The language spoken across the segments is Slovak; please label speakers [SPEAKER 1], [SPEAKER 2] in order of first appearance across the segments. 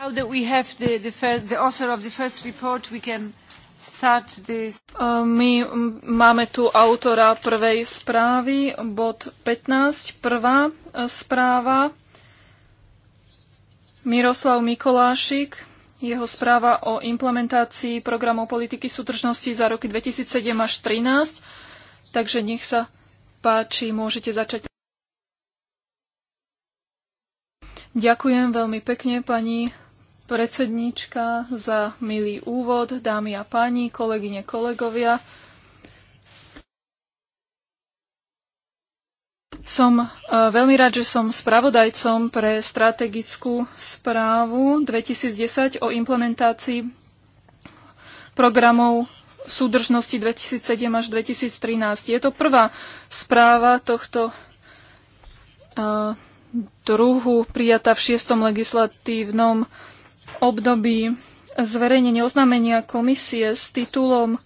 [SPEAKER 1] Now that we have the, the, first, the author of the first report, we can start this.
[SPEAKER 2] Uh, my máme tu autora prvej správy, bod 15, prvá e, správa. Miroslav Mikolášik, jeho správa o implementácii programov politiky súdržnosti za roky 2007 až 2013. Takže nech sa páči, môžete začať. Ďakujem veľmi pekne, pani predsedníčka, za milý úvod, dámy a páni, kolegyne, kolegovia. Som e, veľmi rád, že som spravodajcom pre strategickú správu 2010 o implementácii programov súdržnosti 2007 až 2013. Je to prvá správa tohto e, druhu prijatá v šiestom legislatívnom období zverejnenie oznámenia komisie s titulom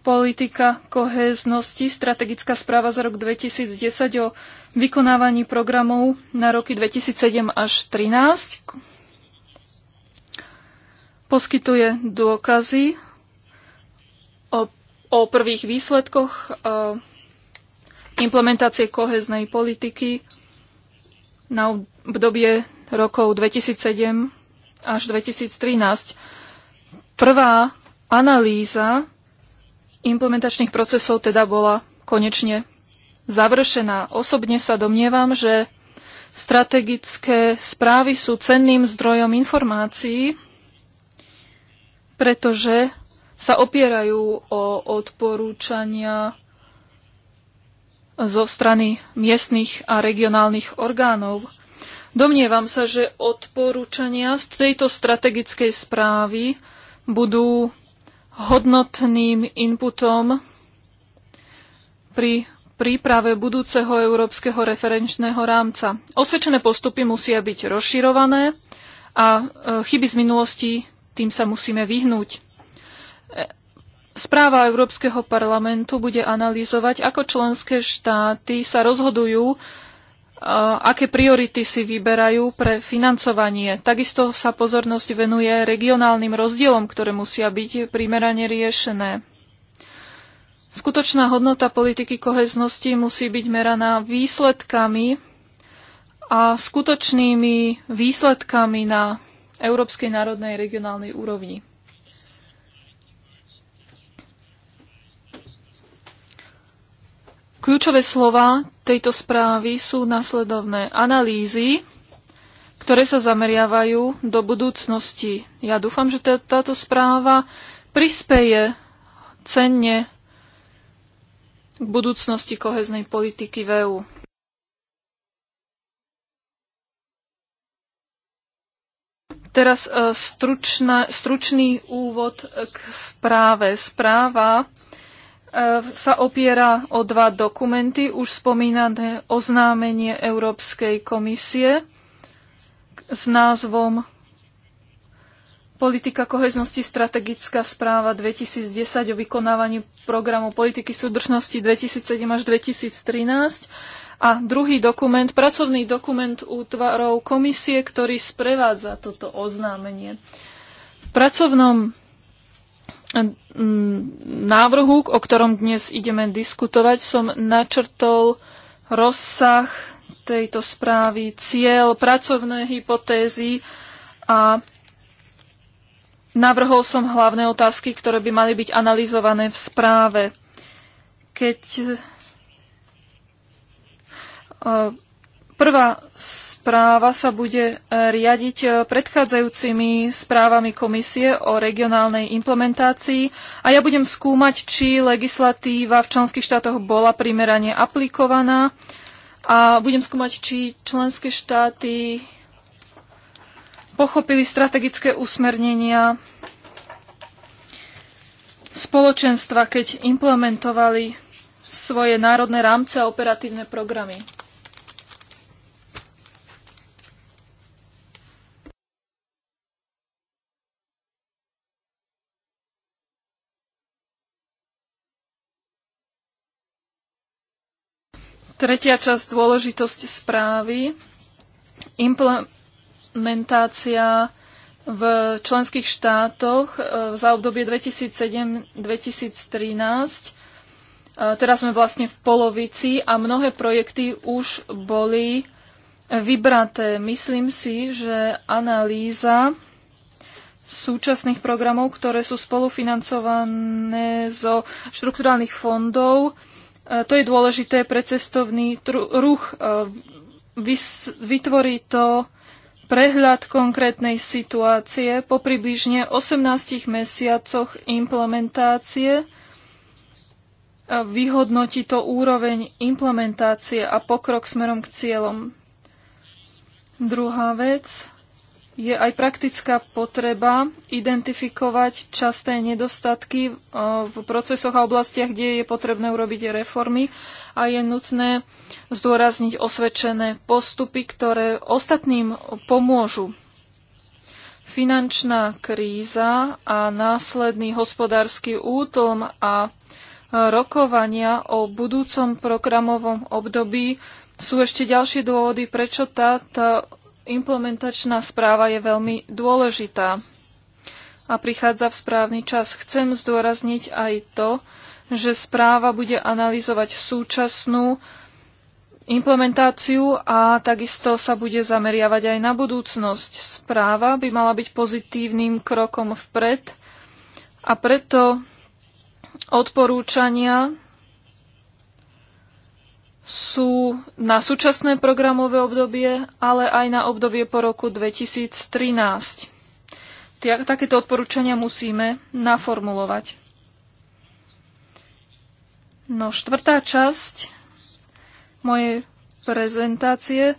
[SPEAKER 2] Politika kohéznosti, strategická správa za rok 2010 o vykonávaní programov na roky 2007 až 2013 poskytuje dôkazy o, o prvých výsledkoch implementácie koheznej politiky na obdobie rokov 2007 až 2013. Prvá analýza implementačných procesov teda bola konečne završená. Osobne sa domnievam, že strategické správy sú cenným zdrojom informácií, pretože sa opierajú o odporúčania zo strany miestnych a regionálnych orgánov. Domnievam sa, že odporúčania z tejto strategickej správy budú hodnotným inputom pri príprave budúceho európskeho referenčného rámca. Osvedčené postupy musia byť rozširované a e, chyby z minulosti tým sa musíme vyhnúť. E, správa Európskeho parlamentu bude analyzovať, ako členské štáty sa rozhodujú aké priority si vyberajú pre financovanie. Takisto sa pozornosť venuje regionálnym rozdielom, ktoré musia byť primerane riešené. Skutočná hodnota politiky koheznosti musí byť meraná výsledkami a skutočnými výsledkami na európskej národnej regionálnej úrovni. Kľúčové slova tejto správy sú nasledovné analýzy, ktoré sa zameriavajú do budúcnosti. Ja dúfam, že táto správa prispeje cenne k budúcnosti koheznej politiky v EÚ. Teraz e, stručná, stručný úvod k správe. Správa E, sa opiera o dva dokumenty, už spomínané oznámenie Európskej komisie s názvom Politika koheznosti strategická správa 2010 o vykonávaní programu politiky súdržnosti 2007 až 2013 a druhý dokument, pracovný dokument útvarov komisie, ktorý sprevádza toto oznámenie. V pracovnom návrhu, o ktorom dnes ideme diskutovať, som načrtol rozsah tejto správy, cieľ, pracovné hypotézy a navrhol som hlavné otázky, ktoré by mali byť analyzované v správe. Keď Prvá správa sa bude e, riadiť e, predchádzajúcimi správami komisie o regionálnej implementácii a ja budem skúmať, či legislatíva v členských štátoch bola primerane aplikovaná a budem skúmať, či členské štáty pochopili strategické usmernenia spoločenstva, keď implementovali svoje národné rámce a operatívne programy. Tretia časť dôležitosť správy. Implementácia v členských štátoch e, za obdobie 2007-2013. E, teraz sme vlastne v polovici a mnohé projekty už boli vybraté. Myslím si, že analýza súčasných programov, ktoré sú spolufinancované zo štrukturálnych fondov, E, to je dôležité pre cestovný ruch. E, vytvorí to prehľad konkrétnej situácie po približne 18 mesiacoch implementácie e, vyhodnotí to úroveň implementácie a pokrok smerom k cieľom. Druhá vec, je aj praktická potreba identifikovať časté nedostatky e, v procesoch a oblastiach, kde je potrebné urobiť reformy a je nutné zdôrazniť osvedčené postupy, ktoré ostatným pomôžu. Finančná kríza a následný hospodársky útlm a rokovania o budúcom programovom období sú ešte ďalšie dôvody, prečo táto implementačná správa je veľmi dôležitá a prichádza v správny čas. Chcem zdôrazniť aj to, že správa bude analyzovať súčasnú implementáciu a takisto sa bude zameriavať aj na budúcnosť. Správa by mala byť pozitívnym krokom vpred a preto odporúčania sú na súčasné programové obdobie, ale aj na obdobie po roku 2013. Takéto odporúčania musíme naformulovať. No, štvrtá časť mojej prezentácie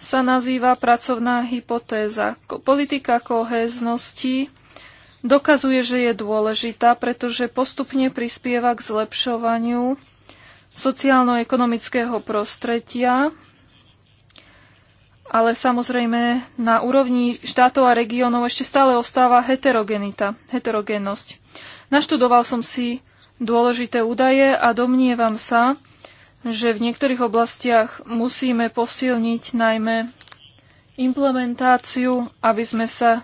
[SPEAKER 2] sa nazýva pracovná hypotéza. Politika kohéznosti dokazuje, že je dôležitá, pretože postupne prispieva k zlepšovaniu sociálno-ekonomického prostredia, ale samozrejme na úrovni štátov a regiónov ešte stále ostáva heterogenita, heterogénnosť. Naštudoval som si dôležité údaje a domnievam sa, že v niektorých oblastiach musíme posilniť najmä implementáciu, aby sme sa e,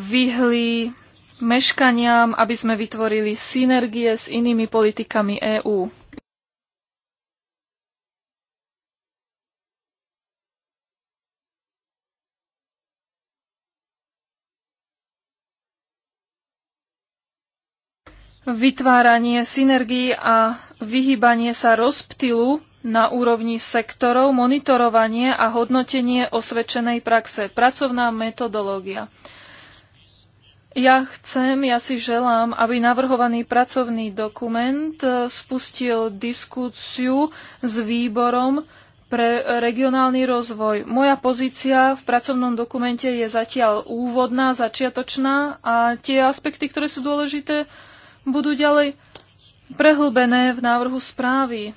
[SPEAKER 2] vyhli meškaniam, aby sme vytvorili synergie s inými politikami EÚ. vytváranie synergií a vyhýbanie sa rozptylu na úrovni sektorov, monitorovanie a hodnotenie osvedčenej praxe, pracovná metodológia. Ja chcem, ja si želám, aby navrhovaný pracovný dokument eh, spustil diskusiu s výborom pre regionálny rozvoj. Moja pozícia v pracovnom dokumente je zatiaľ úvodná, začiatočná a tie aspekty, ktoré sú dôležité, budú ďalej prehlbené v návrhu správy,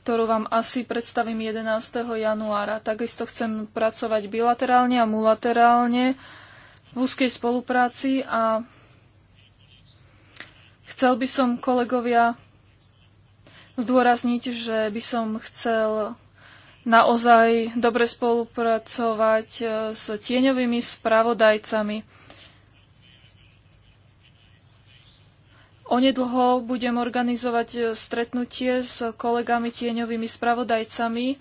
[SPEAKER 2] ktorú vám asi predstavím 11. januára. Takisto chcem pracovať bilaterálne a mulaterálne v úzkej spolupráci a chcel by som kolegovia zdôrazniť, že by som chcel naozaj dobre spolupracovať e, s tieňovými spravodajcami Onedlho budem organizovať e, stretnutie s kolegami tieňovými spravodajcami,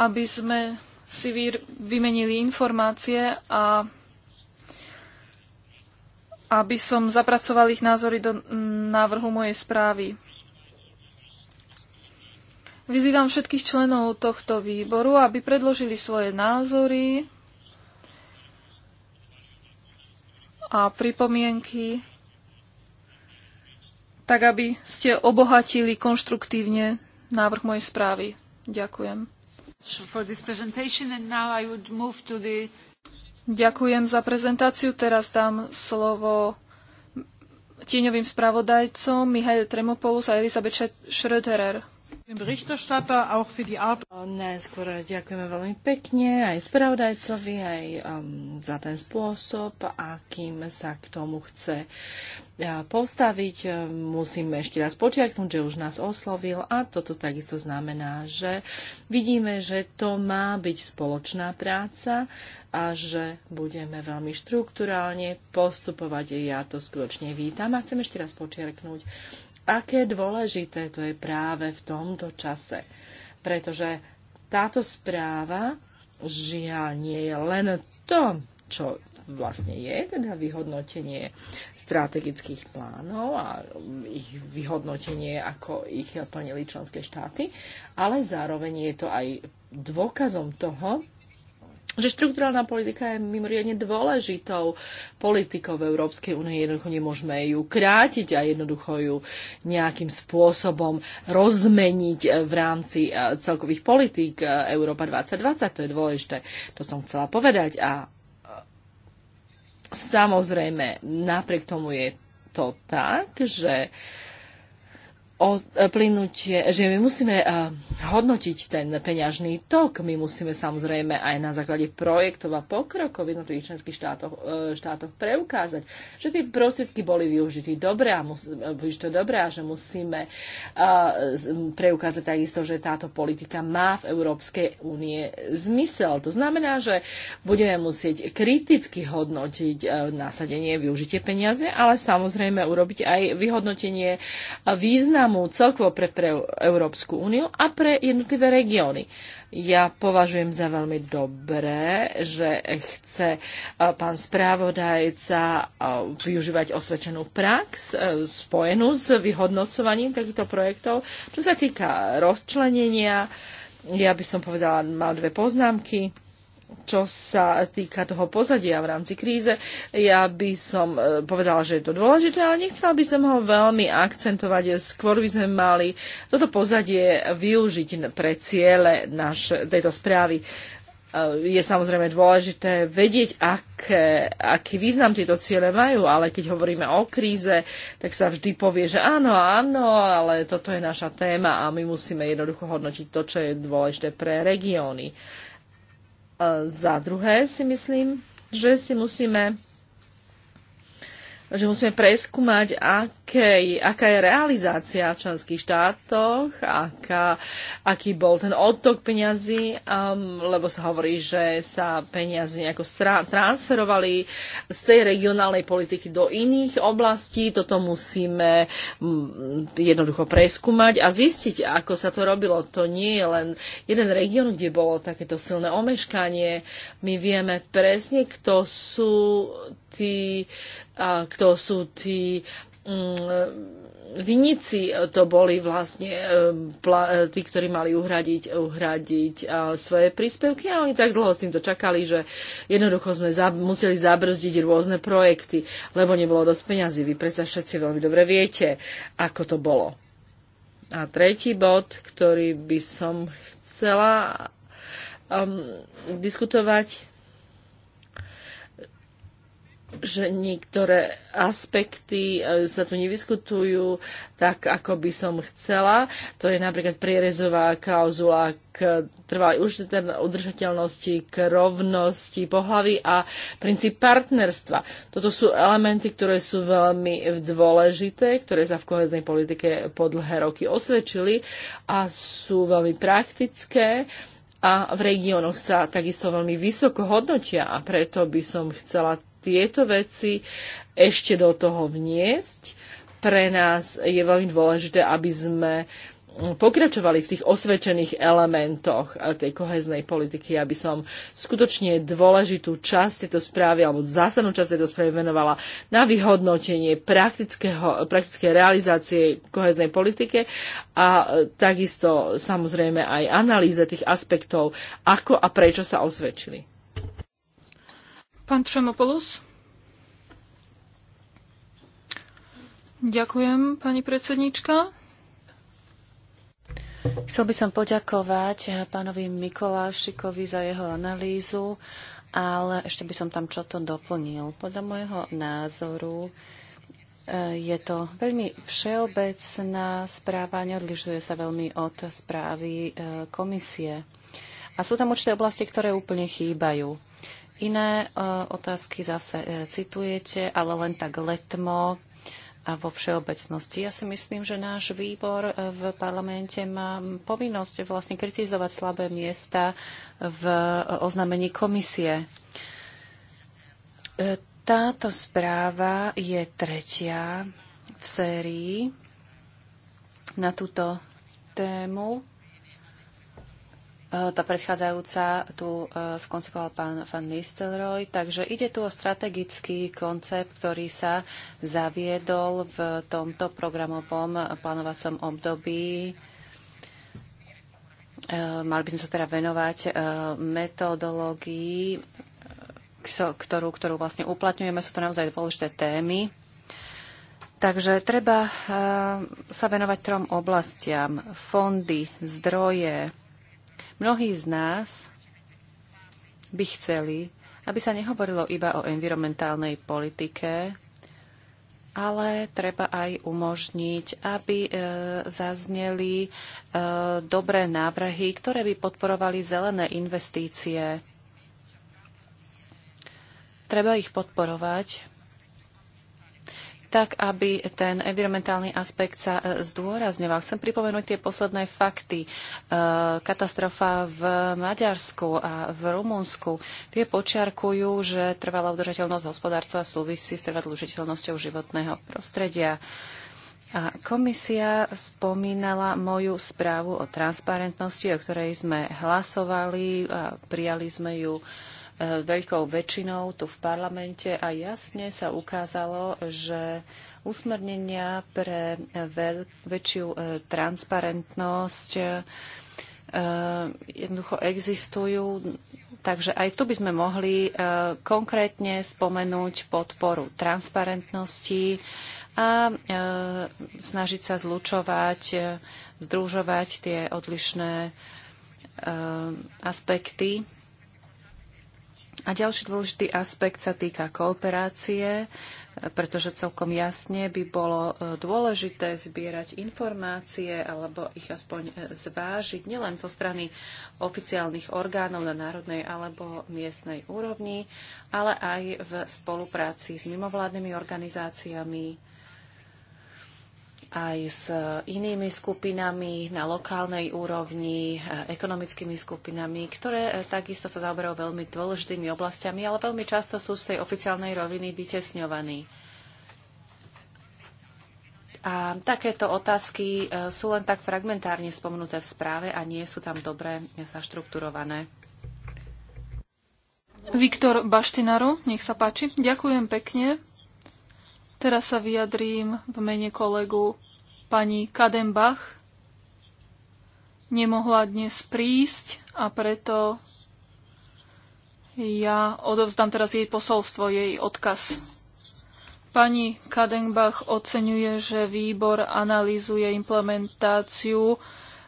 [SPEAKER 2] aby sme si vymenili informácie a aby som zapracoval ich názory do návrhu mojej správy. Vyzývam všetkých členov tohto výboru, aby predložili svoje názory a pripomienky tak aby ste obohatili konštruktívne návrh mojej správy. Ďakujem. Ďakujem za prezentáciu. Teraz dám slovo tieňovým spravodajcom Mihail Tremopoulos a Elizabeth Schröderer.
[SPEAKER 1] Najskôr ďakujeme veľmi pekne aj spravodajcovi, aj um, za ten spôsob, akým sa k tomu chce postaviť. musíme ešte raz počiarknúť, že už nás oslovil a toto takisto znamená, že vidíme, že to má byť spoločná práca a že budeme veľmi štruktúrálne postupovať. Ja to skutočne vítam a chcem ešte raz počiarknúť, aké dôležité to je práve v tomto čase. Pretože táto správa žiaľ nie je len to, čo vlastne je, teda vyhodnotenie strategických plánov a ich vyhodnotenie, ako ich plnili členské štáty, ale zároveň je to aj dôkazom toho, že štruktúrálna politika je mimoriadne dôležitou politikou v Európskej únie. Jednoducho nemôžeme ju krátiť a jednoducho ju nejakým spôsobom rozmeniť v rámci eh, celkových politík eh, Európa 2020. To je dôležité. To som chcela povedať a eh, samozrejme napriek tomu je to tak, že uh, E, plynutie, že my musíme e, hodnotiť ten peňažný tok. My musíme samozrejme aj na základe projektov a pokrokov v jednotlivých členských štátoch, e, štátoch preukázať, že tie prostriedky boli využité dobre a, mus, to dobre a že musíme preukázať takisto, že táto politika má v Európskej únie zmysel. To znamená, že budeme musieť kriticky hodnotiť nasadenie, využitie peniaze, ale samozrejme urobiť aj vyhodnotenie významu programu celkovo pre, pre Európsku úniu a pre jednotlivé regióny. Ja považujem za veľmi dobré, že chce e, pán správodajca e, využívať osvedčenú prax e, spojenú s vyhodnocovaním takýchto projektov. Čo sa týka rozčlenenia, ja by som povedala, mám dve poznámky čo sa týka toho pozadia v rámci kríze, ja by som e, povedala, že je to dôležité, ale nechcela by som ho veľmi akcentovať. Skôr by sme mali toto pozadie využiť pre ciele naš, tejto správy. E, je samozrejme dôležité vedieť, ak, aký význam tieto ciele majú, ale keď hovoríme o kríze, tak sa vždy povie, že áno, áno, ale toto je naša téma a my musíme jednoducho hodnotiť to, čo je dôležité pre regióny. Za druhé si myslím, že si musíme že musíme preskúmať, ak akej, aká je realizácia v členských štátoch, aká, aký bol ten odtok peňazí, um, lebo sa hovorí, že sa peniaze nejako transferovali z tej regionálnej politiky do iných oblastí. Toto musíme jednoducho preskúmať a zistiť, ako sa to robilo. To nie je len jeden región, kde bolo takéto silné omeškanie. My vieme presne, kto sú tí, kto sú tí Mm, e, vinici to boli vlastne e, e, tí, ktorí mali uhradiť, uhradiť svoje príspevky a oni tak dlho s týmto čakali, že jednoducho sme za, museli zabrzdiť rôzne projekty, lebo nebolo dosť peňazí. Vy predsa všetci veľmi dobre viete, ako to bolo. A tretí bod, ktorý by som chcela um, diskutovať že niektoré aspekty eh, sa tu nevyskutujú tak, ako by som chcela. To je napríklad prierezová klauzula k trvalej udržateľnosti, k rovnosti pohlavy a princíp partnerstva. Toto sú elementy, ktoré sú veľmi dôležité, ktoré sa v koheznej politike po dlhé roky osvedčili a sú veľmi praktické a v regiónoch sa takisto veľmi vysoko hodnotia a preto by som chcela tieto veci ešte do toho vniesť. Pre nás je veľmi dôležité, aby sme pokračovali v tých osvedčených elementoch eh, tej koheznej politiky, aby som skutočne dôležitú časť tejto správy alebo zásadnú časť tejto správy venovala na vyhodnotenie praktické realizácie koheznej politike a eh, takisto samozrejme aj analýze tých aspektov, ako a prečo sa osvedčili.
[SPEAKER 2] Pán Tremopoulos. Ďakujem, pani predsednička.
[SPEAKER 3] Chcel by som poďakovať pánovi Mikolášikovi za jeho analýzu, ale ešte by som tam čo to doplnil. Podľa môjho názoru e, je to veľmi všeobecná správa, neodlišuje sa veľmi od správy e, komisie. A sú tam určité oblasti, ktoré úplne chýbajú. Iné e, otázky zase e, citujete, ale len tak letmo a vo všeobecnosti. Ja si myslím, že náš výbor e, v parlamente má povinnosť vlastne kritizovať slabé miesta v oznámení komisie. Táto správa je tretia v sérii na túto tému Eh, tá predchádzajúca tu eh, skoncipoval pán Van Nistelrooy. Takže ide tu o strategický koncept, ktorý sa zaviedol v tomto programovom plánovacom období. Eh, mali by sme sa teda venovať metodológii, ktorú, ktorú vlastne uplatňujeme. Sú to naozaj dôležité témy. Takže treba sa venovať trom oblastiam. Fondy, zdroje, Mnohí z nás by chceli, aby sa nehovorilo iba o environmentálnej politike, ale treba aj umožniť, aby e, zazneli e, dobré návrhy, ktoré by podporovali zelené investície. Treba ich podporovať tak aby ten environmentálny aspekt sa e, zdôrazňoval. Chcem pripomenúť tie posledné fakty. E, katastrofa v Maďarsku a v Rumunsku, tie počiarkujú, že trvalá udržateľnosť hospodárstva súvisí s trvalou udržateľnosťou životného prostredia. A komisia spomínala moju správu o transparentnosti, o ktorej sme hlasovali a prijali sme ju E, veľkou väčšinou tu v parlamente a jasne sa ukázalo, že usmernenia pre väčšiu e, transparentnosť e, jednoducho existujú. Takže aj tu by sme mohli konkrétne spomenúť podporu transparentnosti a snažiť sa zlučovať, združovať tie odlišné aspekty a ďalší dôležitý aspekt sa týka kooperácie, pretože celkom jasne by bolo e, dôležité zbierať informácie alebo ich aspoň e, zvážiť nielen zo strany oficiálnych orgánov na národnej alebo miestnej úrovni, ale aj v spolupráci s mimovládnymi organizáciami, aj s inými skupinami na lokálnej úrovni, eh, ekonomickými skupinami, ktoré eh, takisto sa zaoberajú veľmi dôležitými oblastiami, ale veľmi často sú z tej oficiálnej roviny vytesňovaní. A takéto otázky eh, sú len tak fragmentárne spomenuté v správe a nie sú tam dobre zaštrukturované.
[SPEAKER 2] Viktor Baštinaru, nech sa páči. Ďakujem pekne. Teraz sa vyjadrím v mene kolegu pani Kadenbach. Nemohla dnes prísť a preto ja odovzdám teraz jej posolstvo, jej odkaz. Pani Kadenbach oceňuje, že výbor analýzuje implementáciu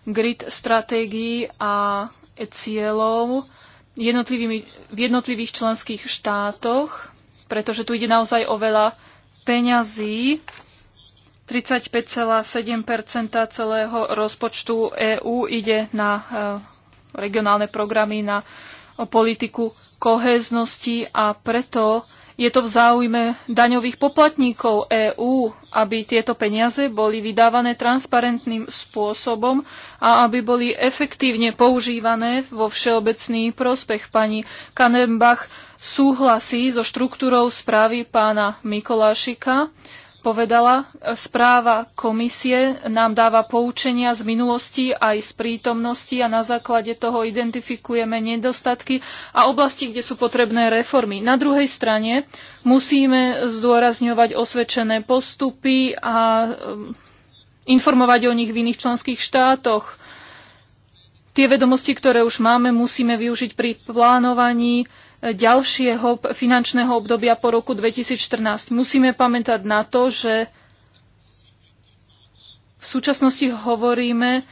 [SPEAKER 2] grid stratégií a cieľov v jednotlivých členských štátoch, pretože tu ide naozaj o veľa peňazí 35,7 celého rozpočtu EÚ ide na eh, regionálne programy, na eh, politiku kohéznosti a preto je to v záujme daňových poplatníkov EÚ, aby tieto peniaze boli vydávané transparentným spôsobom a aby boli efektívne používané vo všeobecný prospech. Pani Kanembach súhlasí so štruktúrou správy pána Mikolášika povedala, správa komisie nám dáva poučenia z minulosti aj z prítomnosti a na základe toho identifikujeme nedostatky a oblasti, kde sú potrebné reformy. Na druhej strane musíme zdôrazňovať osvedčené postupy a um, informovať o nich v iných členských štátoch. Tie vedomosti, ktoré už máme, musíme využiť pri plánovaní ďalšieho finančného obdobia po roku 2014. Musíme pamätať na to, že v súčasnosti hovoríme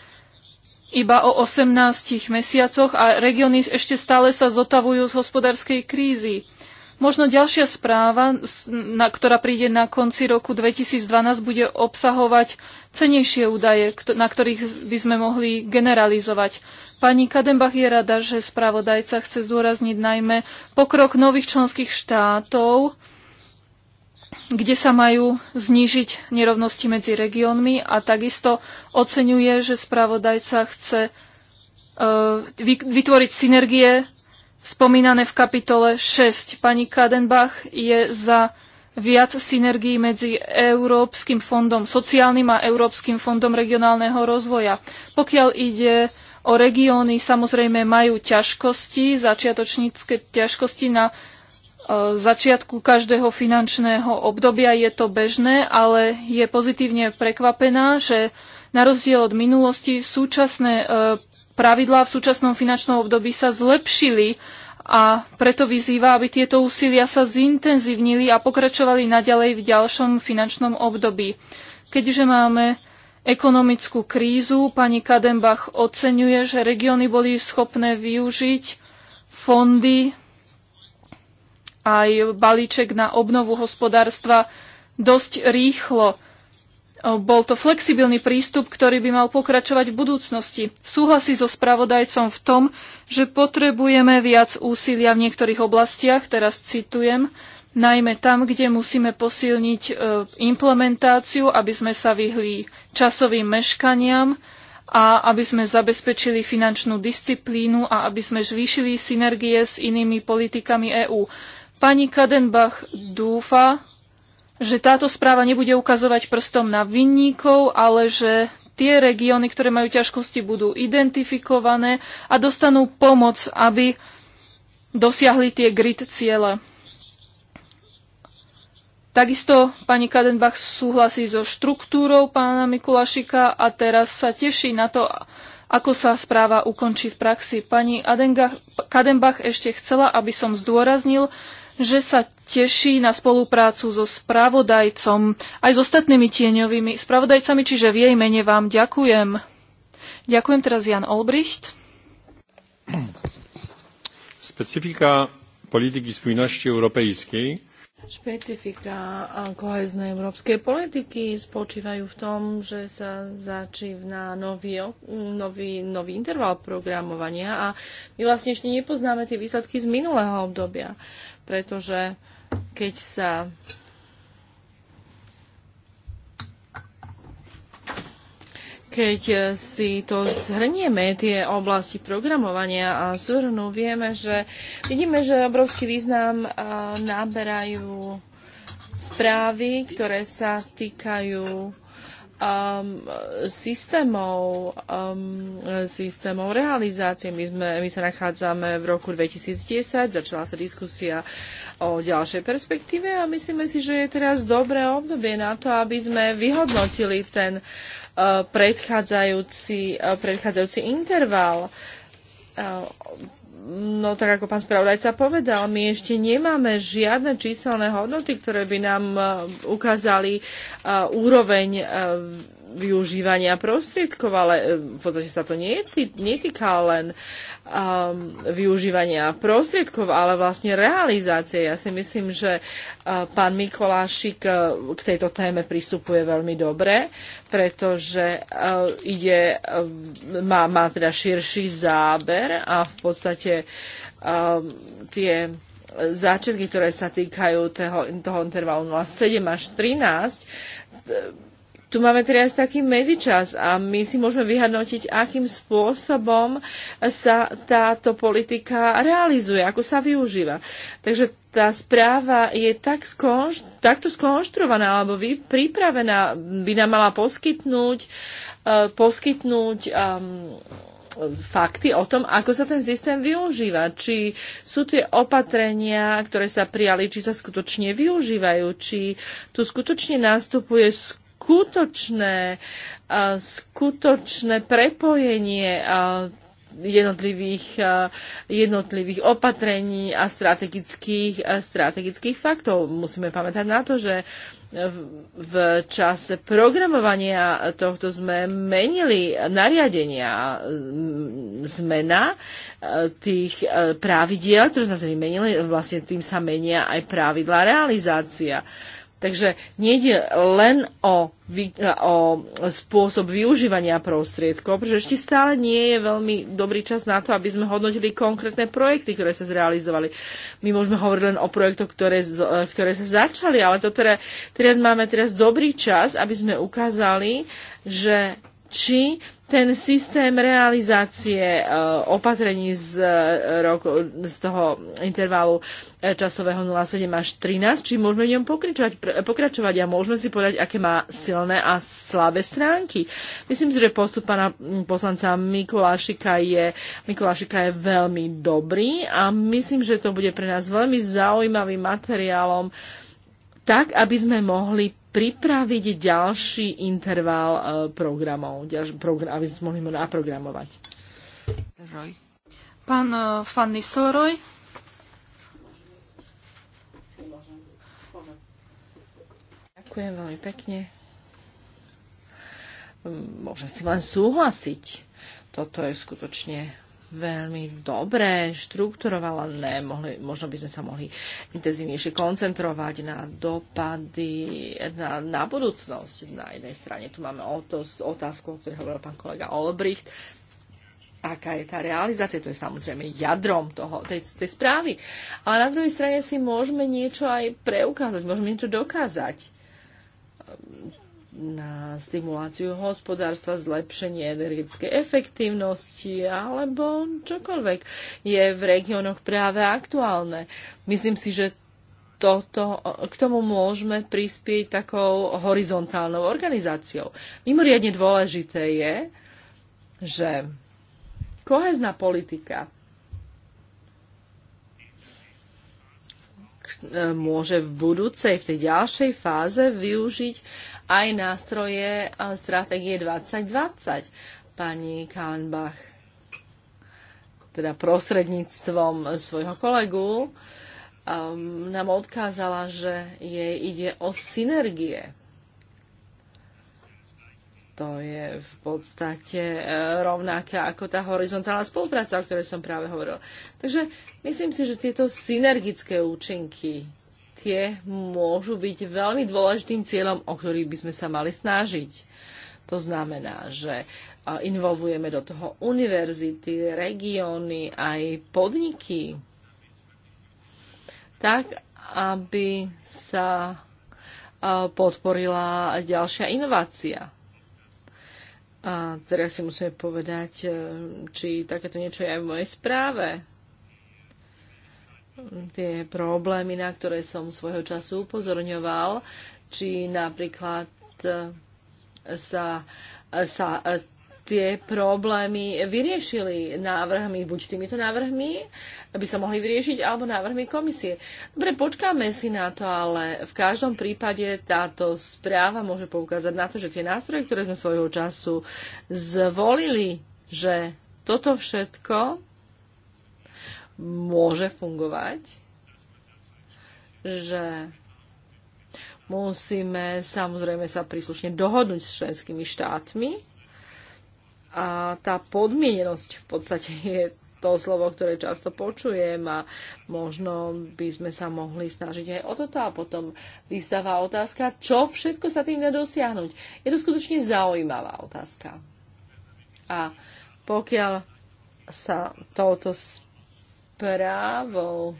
[SPEAKER 2] iba o 18 mesiacoch a regióny ešte stále sa zotavujú z hospodárskej krízy. Možno ďalšia správa, na, ktorá príde na konci roku 2012, bude obsahovať cenejšie údaje, na ktorých by sme mohli generalizovať. Pani Kadenbach je rada, že spravodajca chce zdôrazniť najmä pokrok nových členských štátov, kde sa majú znížiť nerovnosti medzi regiónmi a takisto oceňuje, že spravodajca chce e, vytvoriť synergie spomínané v kapitole 6. Pani Kadenbach je za viac synergií medzi Európskym fondom sociálnym a Európskym fondom regionálneho rozvoja. Pokiaľ ide o regióny, samozrejme majú ťažkosti, začiatočnícke ťažkosti na e, začiatku každého finančného obdobia je to bežné, ale je pozitívne prekvapená, že na rozdiel od minulosti súčasné e, pravidlá v súčasnom finančnom období sa zlepšili a preto vyzýva, aby tieto úsilia sa zintenzívnili a pokračovali naďalej v ďalšom finančnom období. Keďže máme ekonomickú krízu, pani Kadenbach oceňuje, že regióny boli schopné využiť fondy aj balíček na obnovu hospodárstva dosť rýchlo. Bol to flexibilný prístup, ktorý by mal pokračovať v budúcnosti. Súhlasí so spravodajcom v tom, že potrebujeme viac úsilia v niektorých oblastiach, teraz citujem, najmä tam, kde musíme posilniť e, implementáciu, aby sme sa vyhli časovým meškaniam a aby sme zabezpečili finančnú disciplínu a aby sme zvýšili synergie s inými politikami EÚ. Pani Kadenbach dúfa, že táto správa nebude ukazovať prstom na vinníkov, ale že tie regióny, ktoré majú ťažkosti, budú identifikované a dostanú pomoc, aby dosiahli tie grid ciele. Takisto pani Kadenbach súhlasí so štruktúrou pána Mikulašika a teraz sa teší na to, ako sa správa ukončí v praxi. Pani Adenga, Kadenbach ešte chcela, aby som zdôraznil, že sa teší na spoluprácu so spravodajcom, aj s so ostatnými tieňovými spravodajcami, čiže v jej mene vám ďakujem. Ďakujem teraz Jan Olbricht.
[SPEAKER 1] Specifika politiky spojnosti europejskiej. Špecifika koheznej európskej politiky spočívajú v tom, že sa začína nový, nový, nový interval programovania a my vlastne ešte nepoznáme tie výsledky z minulého obdobia, pretože uh, keď sa keď si to zhrnieme, tie oblasti programovania a súhrnu, vieme, že vidíme, že obrovský význam náberajú správy, ktoré sa týkajú um, systémov, um, systémov realizácie. My, sme, my sa nachádzame v roku 2010, začala sa diskusia o ďalšej perspektíve a myslíme si, že je teraz dobré obdobie na to, aby sme vyhodnotili ten uh, predchádzajúci, uh, predchádzajúci interval uh, No tak ako pán spravodajca povedal, my ešte nemáme žiadne číselné hodnoty, ktoré by nám eh, ukázali eh, úroveň eh, využívania prostriedkov, ale e, v podstate sa to netýka len um, využívania prostriedkov, ale vlastne realizácie. Ja si myslím, že uh, pán Mikolášik uh, k tejto téme pristupuje veľmi dobre, pretože uh, ide, uh, má, má teda širší záber a v podstate uh, tie záčetky, ktoré sa týkajú toho, toho intervalu 0,7 až 13, tu máme teraz taký medzičas a my si môžeme vyhodnotiť, akým spôsobom sa táto politika realizuje, ako sa využíva. Takže tá správa je tak skonš- takto skonštruovaná alebo vy- pripravená, by nám mala poskytnúť, uh, poskytnúť um, fakty o tom, ako sa ten systém využíva, či sú tie opatrenia, ktoré sa prijali, či sa skutočne využívajú, či tu skutočne nastupuje skutočné, skutočné prepojenie jednotlivých, jednotlivých opatrení a strategických, strategických faktov. Musíme pamätať na to, že v čase programovania tohto sme menili nariadenia. Zmena tých pravidiel, ktoré sme menili, vlastne tým sa menia aj pravidla realizácia. Takže nejde len o, o spôsob využívania prostriedkov, pretože ešte stále nie je veľmi dobrý čas na to, aby sme hodnotili konkrétne projekty, ktoré sa zrealizovali. My môžeme hovoriť len o projektoch, ktoré, e, ktoré sa začali, ale to teda, teraz máme teraz dobrý čas, aby sme ukázali, že či ten systém realizácie e, opatrení z, e, roku, z toho intervalu e, časového 07 až 13, či môžeme v ňom pokračovať, pokračovať a môžeme si povedať, aké má silné a slabé stránky. Myslím si, že postup pána poslanca Mikulášika je, Mikulášika je veľmi dobrý a myslím, že to bude pre nás veľmi zaujímavým materiálom, tak, aby sme mohli pripraviť ďalší interval e, programov, aby sme mohli naprogramovať. Pán Fanny e, Nisselroy. Ďakujem veľmi pekne. Môžem si len súhlasiť. Toto je skutočne veľmi dobre ne, Mohli, možno by sme sa mohli intenzívnejšie koncentrovať na dopady na, na budúcnosť. Na jednej strane tu máme otázku, o ktorej hovoril pán kolega Olbricht, aká je tá realizácia, to je samozrejme jadrom toho, tej, tej správy. Ale na druhej strane si môžeme niečo aj preukázať, môžeme niečo dokázať na stimuláciu hospodárstva, zlepšenie energetickej efektívnosti alebo čokoľvek je v regiónoch práve aktuálne. Myslím si, že toto, k tomu môžeme prispieť takou horizontálnou organizáciou. Mimoriadne dôležité je, že kohezná politika E, môže v budúcej, v tej ďalšej fáze využiť aj nástroje e, stratégie 2020. Pani Kalenbach, teda prostredníctvom svojho kolegu, e, nám odkázala, že jej ide o synergie to je v podstate e, rovnaká ako tá horizontálna spolupráca, o ktorej som práve hovoril. Takže myslím si, že tieto synergické účinky tie môžu byť veľmi dôležitým cieľom, o ktorý by sme sa mali snažiť. To znamená, že e, involvujeme do toho univerzity, regióny, aj podniky, tak aby sa e, podporila ďalšia inovácia. A teraz si musíme povedať, e, či takéto niečo je aj v mojej správe. Tie problémy, na ktoré som svojho času upozorňoval, či napríklad e, sa, e, sa tie problémy vyriešili návrhmi, buď týmito návrhmi, aby sa mohli vyriešiť, alebo návrhmi komisie. Dobre, počkáme si na to, ale v každom prípade táto správa môže poukázať na to, že tie nástroje, ktoré sme svojho času zvolili, že toto všetko môže fungovať, že musíme samozrejme sa príslušne dohodnúť s členskými štátmi, a tá podmienenosť v podstate je to slovo, ktoré často počujem a možno by sme sa mohli snažiť aj o toto a potom vystáva otázka, čo všetko sa tým dá dosiahnuť. Je to skutočne zaujímavá otázka. A pokiaľ sa touto správou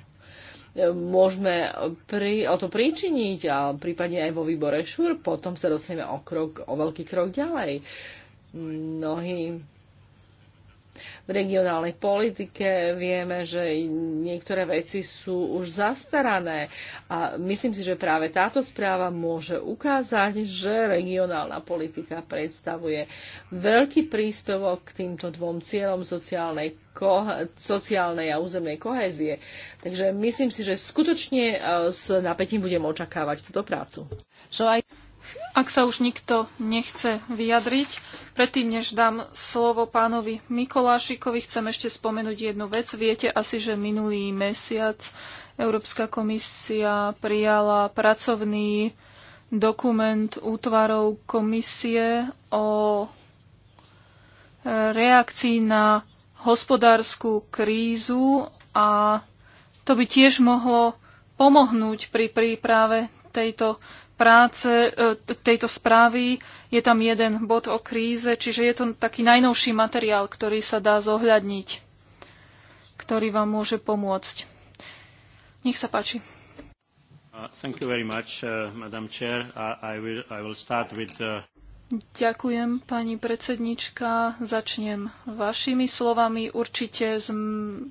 [SPEAKER 1] e, môžeme pri, o to príčiniť a prípadne aj vo výbore ŠUR, potom sa dostaneme o, krok, o veľký krok ďalej. Uh, mnohí v regionálnej politike vieme, že niektoré veci sú už zastarané a myslím si, že práve táto správa môže ukázať, že regionálna politika predstavuje veľký príspevok k týmto dvom cieľom sociálnej, sociálnej a územnej kohézie. Takže myslím si, že skutočne e, s napätím budem očakávať túto prácu. Ak sa už nikto nechce vyjadriť,
[SPEAKER 2] Predtým, než dám slovo pánovi Mikolášikovi, chcem ešte spomenúť jednu vec. Viete asi, že minulý mesiac Európska komisia prijala pracovný dokument útvarov komisie o e, reakcii na hospodárskú krízu a to by tiež mohlo pomohnúť pri príprave tejto práce, e, tejto správy. Je tam jeden bod o kríze, čiže je to taký najnovší materiál, ktorý sa dá zohľadniť, ktorý vám môže pomôcť. Nech sa páči. Ďakujem, pani predsednička. Začnem vašimi slovami. Určite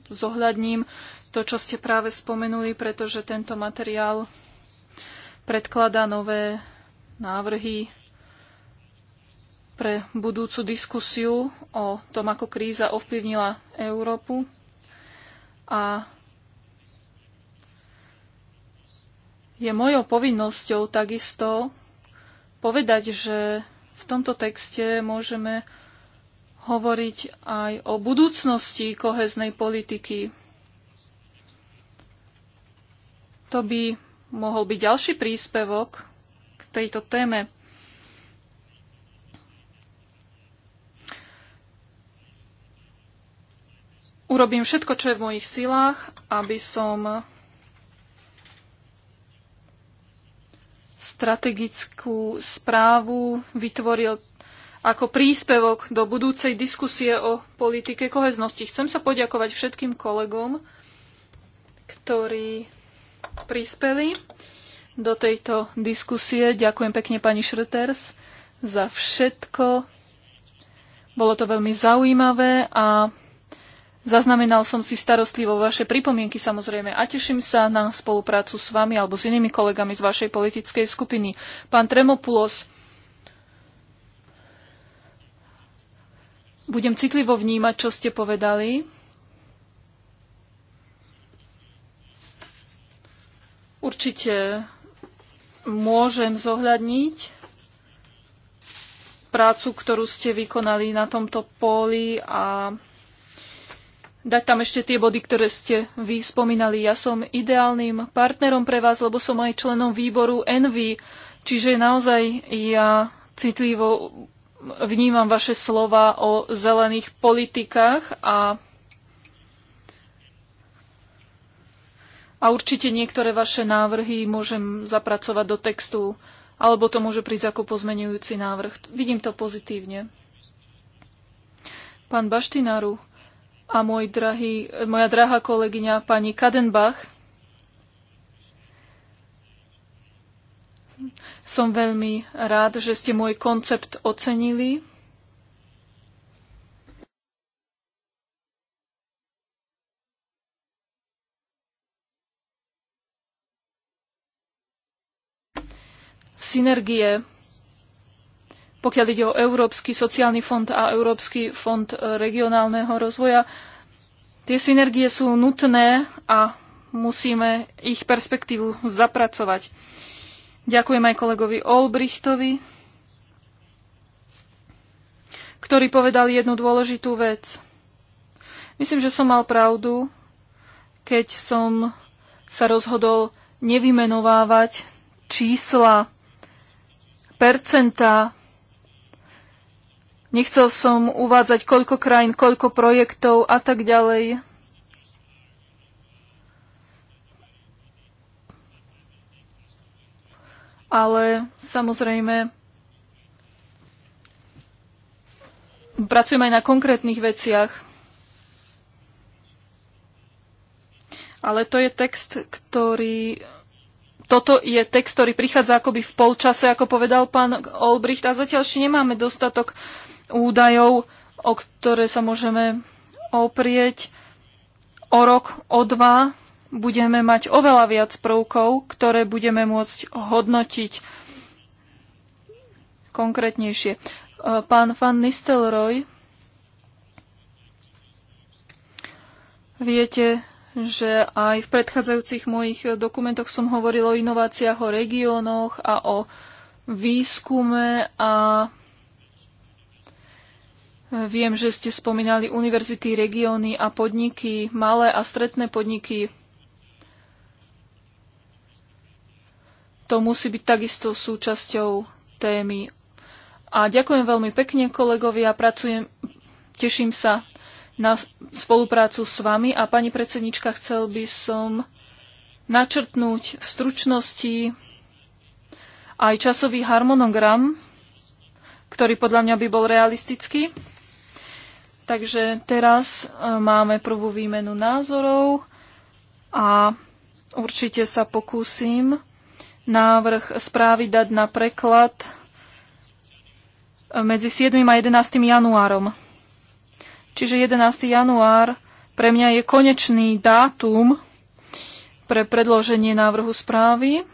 [SPEAKER 2] zohľadním to, čo ste práve spomenuli, pretože tento materiál predkladá nové návrhy pre budúcu diskusiu o tom, ako kríza ovplyvnila Európu a je mojou povinnosťou takisto povedať, že v tomto texte môžeme hovoriť aj o budúcnosti koheznej politiky. To by mohol byť ďalší príspevok k tejto téme. urobím všetko, čo je v mojich silách, aby som strategickú správu vytvoril ako príspevok do budúcej diskusie o politike koheznosti. Chcem sa poďakovať všetkým kolegom, ktorí prispeli do tejto diskusie. Ďakujem pekne pani Šreters za všetko. Bolo to veľmi zaujímavé a Zaznamenal som si starostlivo vaše pripomienky samozrejme a teším sa na spoluprácu s vami alebo s inými kolegami z vašej politickej skupiny. Pán Tremopulos, budem citlivo vnímať, čo ste povedali. Určite môžem zohľadniť prácu, ktorú ste vykonali na tomto poli a dať tam ešte tie body, ktoré ste vy spomínali. Ja som ideálnym partnerom pre vás, lebo som aj členom výboru Envy, čiže naozaj ja citlivo vnímam vaše slova o zelených politikách a A určite niektoré vaše návrhy môžem zapracovať do textu, alebo to môže prísť ako pozmenujúci návrh. Vidím to pozitívne. Pán Baštináru, a môj drahý, moja drahá kolegyňa pani Kadenbach. Som veľmi rád, že ste môj koncept ocenili. Synergie pokiaľ ide o Európsky sociálny fond a Európsky fond e, regionálneho rozvoja. Tie synergie sú nutné a musíme ich perspektívu zapracovať. Ďakujem aj kolegovi Olbrichtovi, ktorý povedal jednu dôležitú vec. Myslím, že som mal pravdu, keď som sa rozhodol nevymenovávať čísla, percentá Nechcel som uvádzať, koľko krajín, koľko projektov a tak ďalej. Ale samozrejme, pracujem aj na konkrétnych veciach. Ale to je text, ktorý toto je text, ktorý prichádza akoby v polčase, ako povedal pán Olbricht, a zatiaľ ešte nemáme dostatok údajov, o ktoré sa môžeme oprieť. O rok, o dva budeme mať oveľa viac prvkov, ktoré budeme môcť hodnotiť konkrétnejšie. E, pán Van Nistelrooy, viete, že aj v predchádzajúcich mojich dokumentoch som hovoril o inováciách, o regiónoch a o výskume a Viem, že ste spomínali univerzity, regióny a podniky, malé a stretné podniky. To musí byť takisto súčasťou témy. A ďakujem veľmi pekne kolegovia, pracujem, teším sa na spoluprácu s vami a pani predsednička, chcel by som načrtnúť v stručnosti aj časový harmonogram, ktorý podľa mňa by bol realistický. Takže teraz e, máme prvú výmenu názorov a určite sa pokúsim návrh správy dať na preklad e, medzi 7. a 11. januárom. Čiže 11. január pre mňa je konečný dátum pre predloženie návrhu správy.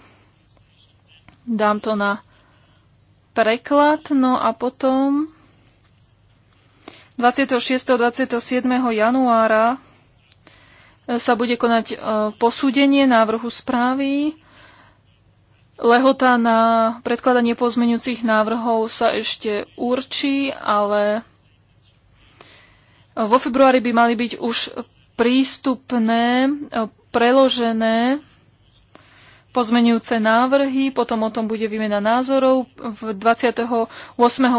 [SPEAKER 2] Dám to na preklad, no a potom 26. 27. januára e, sa bude konať e, posúdenie návrhu správy. Lehota na predkladanie pozmeňujúcich návrhov sa ešte určí, ale vo februári by mali byť už prístupné, e, preložené pozmenujúce návrhy, potom o tom bude výmena názorov. V 28.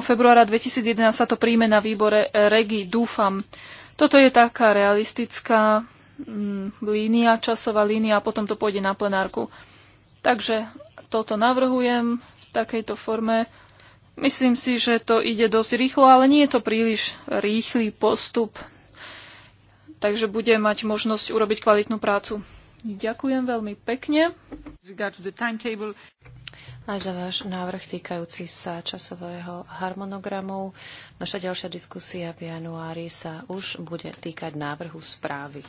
[SPEAKER 2] februára 2011 sa to príjme na výbore REGI, dúfam. Toto je taká realistická mm, línia, časová línia a potom to pôjde na plenárku. Takže toto navrhujem v takejto forme. Myslím si, že to ide dosť rýchlo, ale nie je to príliš rýchly postup. Takže bude mať možnosť urobiť
[SPEAKER 3] kvalitnú prácu. Ďakujem veľmi pekne. Aj za váš návrh týkajúci sa časového harmonogramu. Naša ďalšia diskusia v januári sa už bude týkať návrhu správy.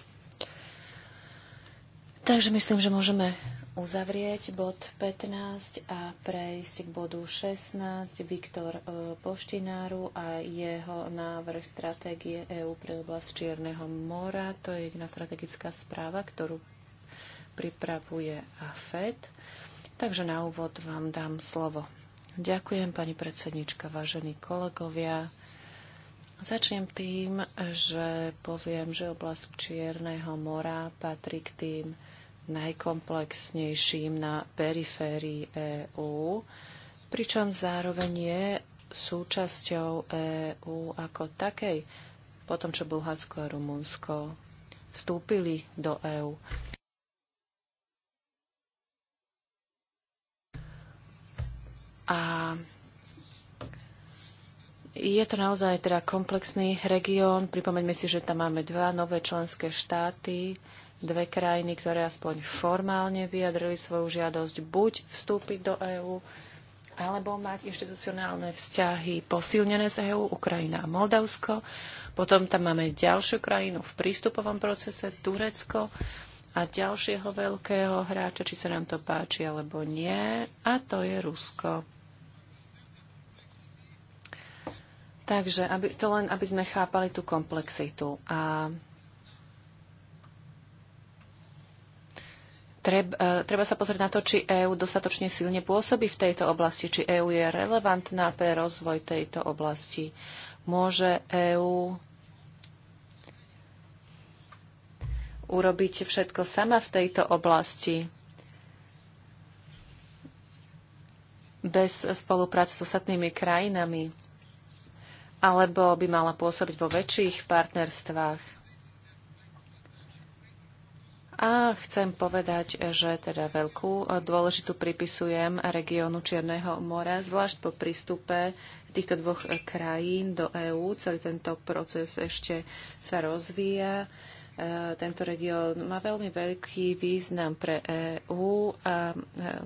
[SPEAKER 3] Takže myslím, že môžeme uzavrieť bod 15 a prejsť k bodu 16. Viktor e, Poštináru a jeho návrh stratégie EÚ pre oblasť Čierneho mora. To je jediná strategická správa, ktorú pripravuje AFED. Takže na úvod vám dám slovo. Ďakujem, pani predsednička, vážení kolegovia. Začnem tým, že poviem, že oblasť Čierneho mora patrí k tým najkomplexnejším na periférii EÚ, pričom zároveň je súčasťou EÚ ako takej, potom čo Bulharsko a Rumunsko vstúpili do EÚ. A je to naozaj teda komplexný región. Pripomeňme si, že tam máme dva nové členské štáty, dve krajiny, ktoré aspoň formálne vyjadrili svoju žiadosť buď vstúpiť do EÚ, alebo mať inštitucionálne vzťahy posilnené z EÚ, Ukrajina a Moldavsko. Potom tam máme ďalšiu krajinu v prístupovom procese, Turecko a ďalšieho veľkého hráča, či sa nám to páči alebo nie, a to je Rusko. Takže aby, to len, aby sme chápali tú komplexitu. A treb, e, treba sa pozrieť na to, či EÚ dostatočne silne pôsobí v tejto oblasti, či EÚ je relevantná pre rozvoj tejto oblasti. Môže EÚ urobiť všetko sama v tejto oblasti. bez spolupráce s ostatnými krajinami? Alebo by mala pôsobiť vo väčších partnerstvách? A chcem povedať, že teda veľkú dôležitú pripisujem regiónu Čierneho mora, zvlášť po prístupe týchto dvoch krajín do EÚ. Celý tento proces ešte sa rozvíja. E, tento región má veľmi veľký význam pre EÚ a e,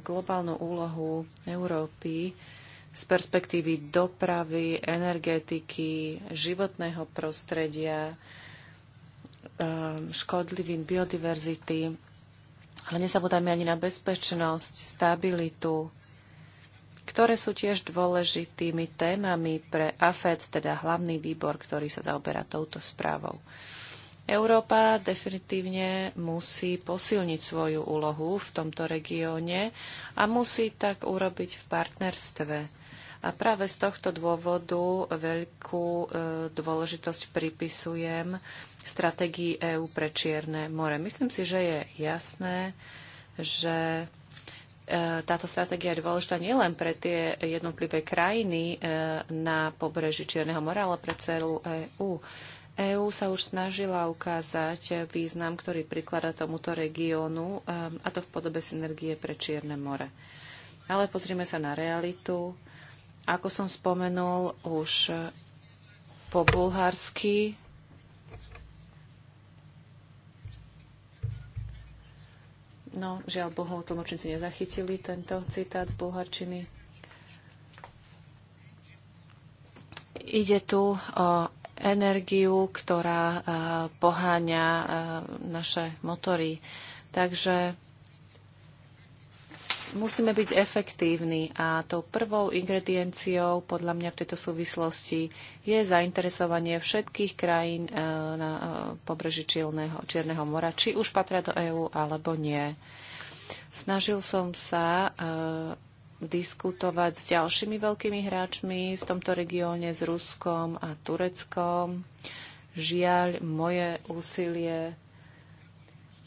[SPEAKER 3] globálnu úlohu Európy z perspektívy dopravy, energetiky, životného prostredia, e, škodlivým biodiverzity. Ale nezabúdajme ani na bezpečnosť, stabilitu, ktoré sú tiež dôležitými témami pre AFED, teda hlavný výbor, ktorý sa zaoberá touto správou. Európa definitívne musí posilniť svoju úlohu v tomto regióne a musí tak urobiť v partnerstve. A práve z tohto dôvodu veľkú e, dôležitosť pripisujem stratégii EÚ pre Čierne more. Myslím si, že je jasné, že e, táto stratégia je dôležitá nielen pre tie jednotlivé krajiny e, na pobreží Čierneho mora, ale pre celú EÚ. EÚ sa už snažila ukázať význam, ktorý priklada tomuto regiónu, ehm, a to v podobe synergie pre Čierne more. Ale pozrime sa na realitu. Ako som spomenul, už po bulharsky No, žiaľ Bohu, tlmočníci nezachytili tento citát z bulharčiny. Ide tu o energiu, ktorá e, poháňa e, naše motory. Takže musíme byť efektívni a tou prvou ingredienciou podľa mňa v tejto súvislosti je zainteresovanie všetkých krajín e, na pobreží Čierneho, Čierneho mora, či už patria do EÚ alebo nie. Snažil som sa diskutovať s ďalšími veľkými hráčmi v tomto regióne, s Ruskom a Tureckom. Žiaľ, moje úsilie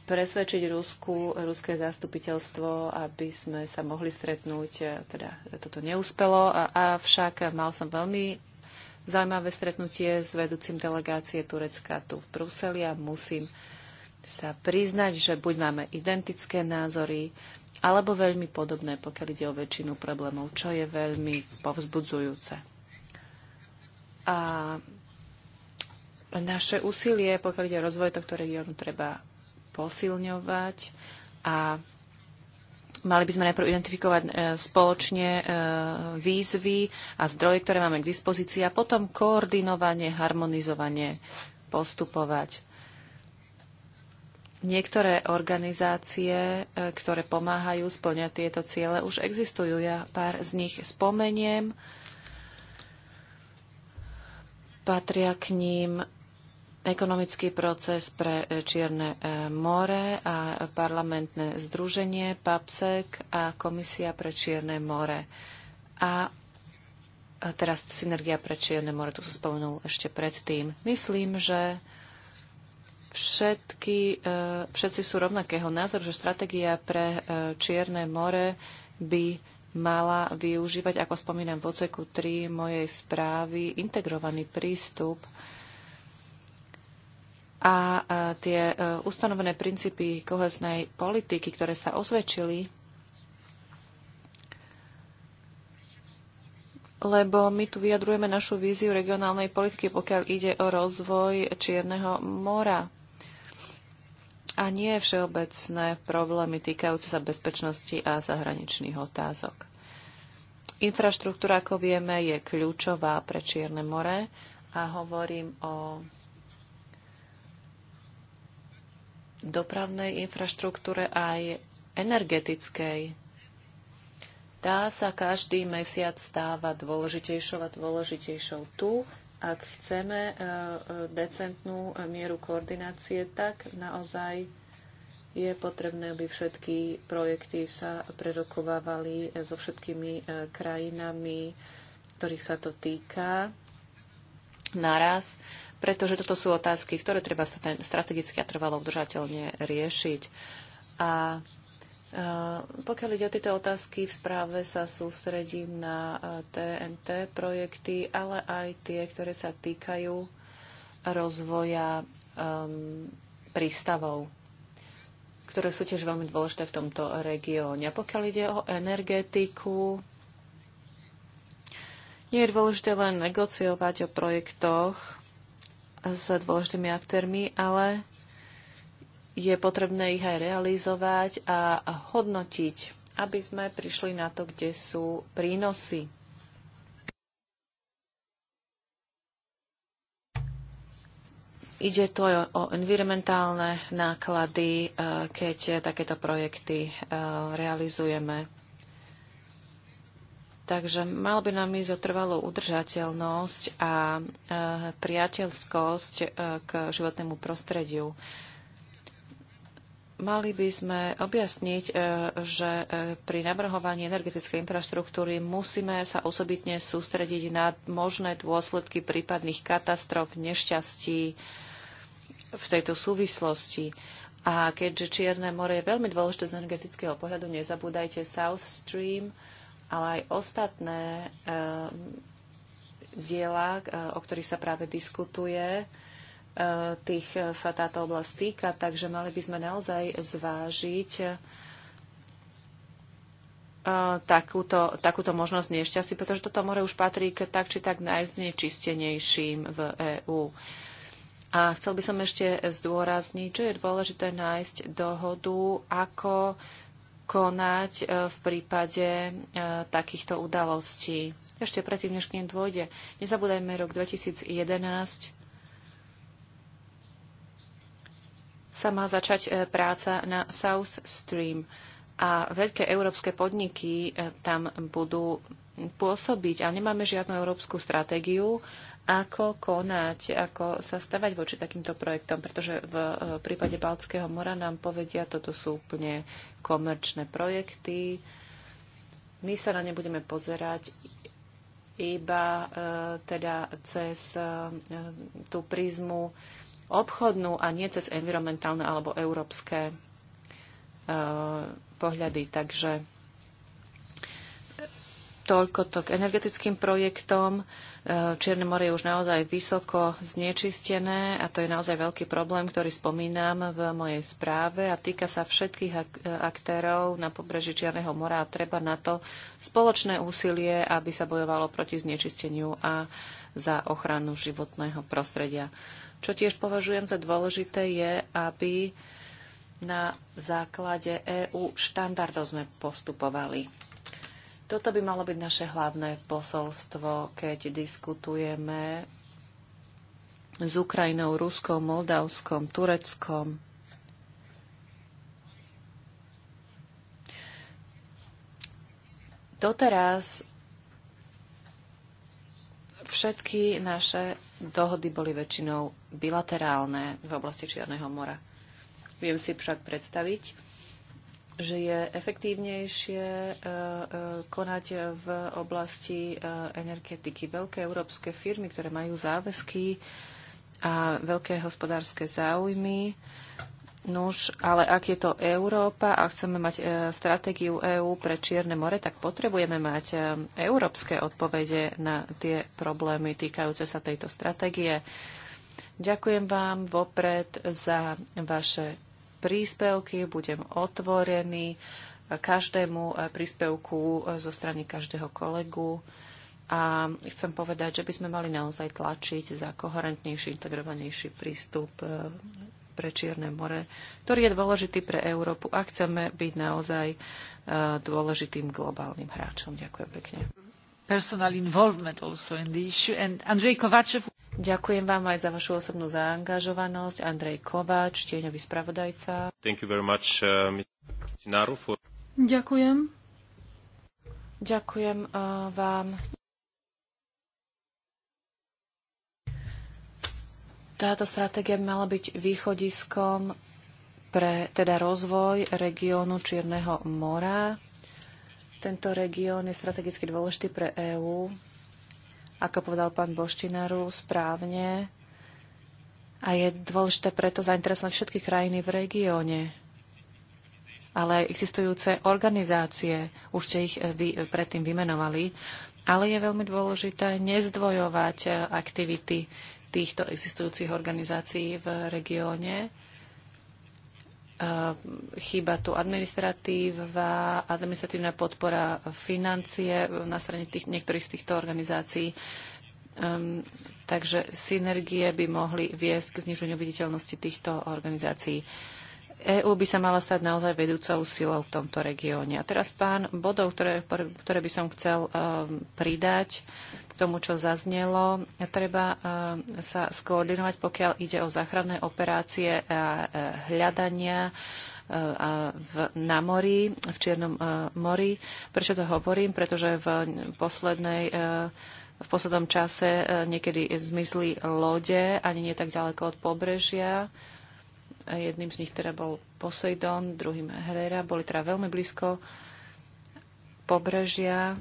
[SPEAKER 3] presvedčiť Rusku, ruské zastupiteľstvo, aby sme sa mohli stretnúť, teda toto neúspelo, avšak mal som veľmi zaujímavé stretnutie s vedúcim delegácie Turecka tu v Bruseli a musím sa priznať, že buď máme identické názory, alebo veľmi podobné, pokiaľ ide o väčšinu problémov, čo je veľmi povzbudzujúce. A naše úsilie, pokiaľ ide o rozvoj tohto regiónu, treba posilňovať a mali by sme najprv identifikovať e, spoločne e, výzvy a zdroje, ktoré máme k dispozícii a potom koordinovanie, harmonizovanie postupovať Niektoré organizácie, e, ktoré pomáhajú splňať tieto ciele, už existujú. Ja pár z nich spomeniem. Patria k ním ekonomický proces pre e, Čierne e, more a parlamentné združenie PAPSEC a Komisia pre Čierne more. A teraz Synergia pre Čierne more, tu som spomenul ešte predtým. Myslím, že Všetky, e, všetci sú rovnakého názoru, že stratégia pre e, Čierne more by mala využívať, ako spomínam v oceku 3 mojej správy, integrovaný prístup a e, tie ustanovené princípy koheznej politiky, ktoré sa osvedčili, lebo my tu vyjadrujeme našu víziu regionálnej politiky, pokiaľ ide o rozvoj Čierneho mora a nie všeobecné problémy týkajúce sa bezpečnosti a zahraničných otázok. Infraštruktúra, ako vieme, je kľúčová pre Čierne more a hovorím o dopravnej infraštruktúre aj energetickej. Tá sa každý mesiac stáva dôležitejšou a dôležitejšou tu ak chceme e, e, decentnú mieru koordinácie, tak naozaj je potrebné, aby všetky projekty sa prerokovávali e, so všetkými krajinami, ktorých sa to týka naraz, pretože toto sú otázky, ktoré treba strategicky a trvalo udržateľne riešiť. A Eh, pokiaľ ide o tieto otázky, v správe sa sústredím na TNT eh, projekty, ale aj tie, ktoré sa týkajú rozvoja um, prístavov, ktoré sú tiež veľmi dôležité v tomto regióne. pokiaľ ide o energetiku, nie je dôležité len negociovať o projektoch s dôležitými aktérmi, ale je potrebné ich aj realizovať a hodnotiť, aby sme prišli na to, kde sú prínosy. Ide to o environmentálne náklady, e, keď takéto projekty e, realizujeme. Takže mal by nám ísť o trvalú udržateľnosť a e, priateľskosť k životnému prostrediu. Mali by sme objasniť, e, že e, pri navrhovaní energetickej infraštruktúry musíme sa osobitne sústrediť na možné dôsledky prípadných katastrof, nešťastí v tejto súvislosti. A keďže Čierne more je veľmi dôležité z energetického pohľadu, nezabúdajte South Stream, ale aj ostatné e, diela, o ktorých sa práve diskutuje, E, tých e, sa táto oblasť týka, takže mali by sme naozaj zvážiť e, takúto, takúto možnosť nešťastí, pretože toto more už patrí k tak či tak najznečistenejším v EÚ. A chcel by som ešte zdôrazniť, že je dôležité nájsť dohodu, ako konať v prípade takýchto udalostí. Ešte predtým, než k nim dôjde. Nezabúdajme rok 2011. sa má začať e, práca na South Stream a veľké európske podniky e, tam budú pôsobiť a nemáme žiadnu európsku stratégiu, ako konať, ako sa stavať voči takýmto projektom, pretože v e, prípade Baltského mora nám povedia, toto sú úplne komerčné projekty. My sa na ne budeme pozerať iba teda cez tú prízmu obchodnú a nie cez environmentálne alebo európske e, pohľady. Takže toľko to k energetickým projektom. E, Čierne more je už naozaj vysoko znečistené a to je naozaj veľký problém, ktorý spomínam v mojej správe a týka sa všetkých aktérov na pobreží Čierneho mora a treba na to spoločné úsilie, aby sa bojovalo proti znečisteniu a za ochranu životného prostredia. Čo tiež považujem za dôležité je, aby na základe EU štandardov sme postupovali. Toto by malo byť naše hlavné posolstvo, keď diskutujeme s Ukrajinou, Ruskom, Moldavskom, Tureckom. Doteraz všetky naše dohody boli väčšinou bilaterálne v oblasti Čierneho mora. Viem si však predstaviť, že je efektívnejšie e, e, konať v oblasti e, energetiky. Veľké európske firmy, ktoré majú záväzky a veľké hospodárske záujmy, Nuž, ale ak je to Európa a chceme mať e, stratégiu EÚ pre Čierne more, tak potrebujeme mať e, európske odpovede na tie problémy týkajúce sa tejto stratégie. Ďakujem vám vopred za vaše príspevky. Budem otvorený každému príspevku zo strany každého kolegu. A chcem povedať, že by sme mali naozaj tlačiť za koherentnejší, integrovanejší prístup e, pre Čierne more, ktorý je dôležitý pre Európu a chceme byť naozaj e, dôležitým globálnym hráčom. Ďakujem pekne.
[SPEAKER 1] Personal involvement also in the issue. And Andrej Kovačev... Ďakujem
[SPEAKER 3] vám aj za vašu osobnú zaangažovanosť. Andrej Kováč, tieňový spravodajca.
[SPEAKER 1] Thank you very much, uh, for...
[SPEAKER 3] Ďakujem. Ďakujem uh, vám. Táto stratégia by mala byť východiskom pre teda rozvoj regiónu Čierneho mora. Tento región je strategicky dôležitý pre EÚ ako povedal pán Boštinaru správne, a je dôležité preto zainteresovať všetky krajiny v regióne, ale existujúce organizácie, už ste ich eh, vy, eh, predtým vymenovali, ale je veľmi dôležité nezdvojovať eh, aktivity týchto existujúcich organizácií v regióne Eh, Chýba tu administratíva, administratívna podpora financie na strane tých, niektorých z týchto organizácií. Um, takže synergie by mohli viesť k zniženiu viditeľnosti týchto organizácií. Uh, EÚ by sa mala stať naozaj vedúcou silou v tomto regióne. A teraz pán bodov, ktoré, ktoré by som chcel um, pridať k tomu, čo zaznelo. Treba um, sa skoordinovať, pokiaľ ide o záchranné operácie a e, hľadania v, na mori, v Čiernom mori. Prečo to hovorím? Pretože v poslednej v poslednom čase niekedy zmizli lode, ani nie tak ďaleko od pobrežia Jedným z nich teda bol Poseidon, druhým Helera. Boli teda veľmi blízko pobrežia.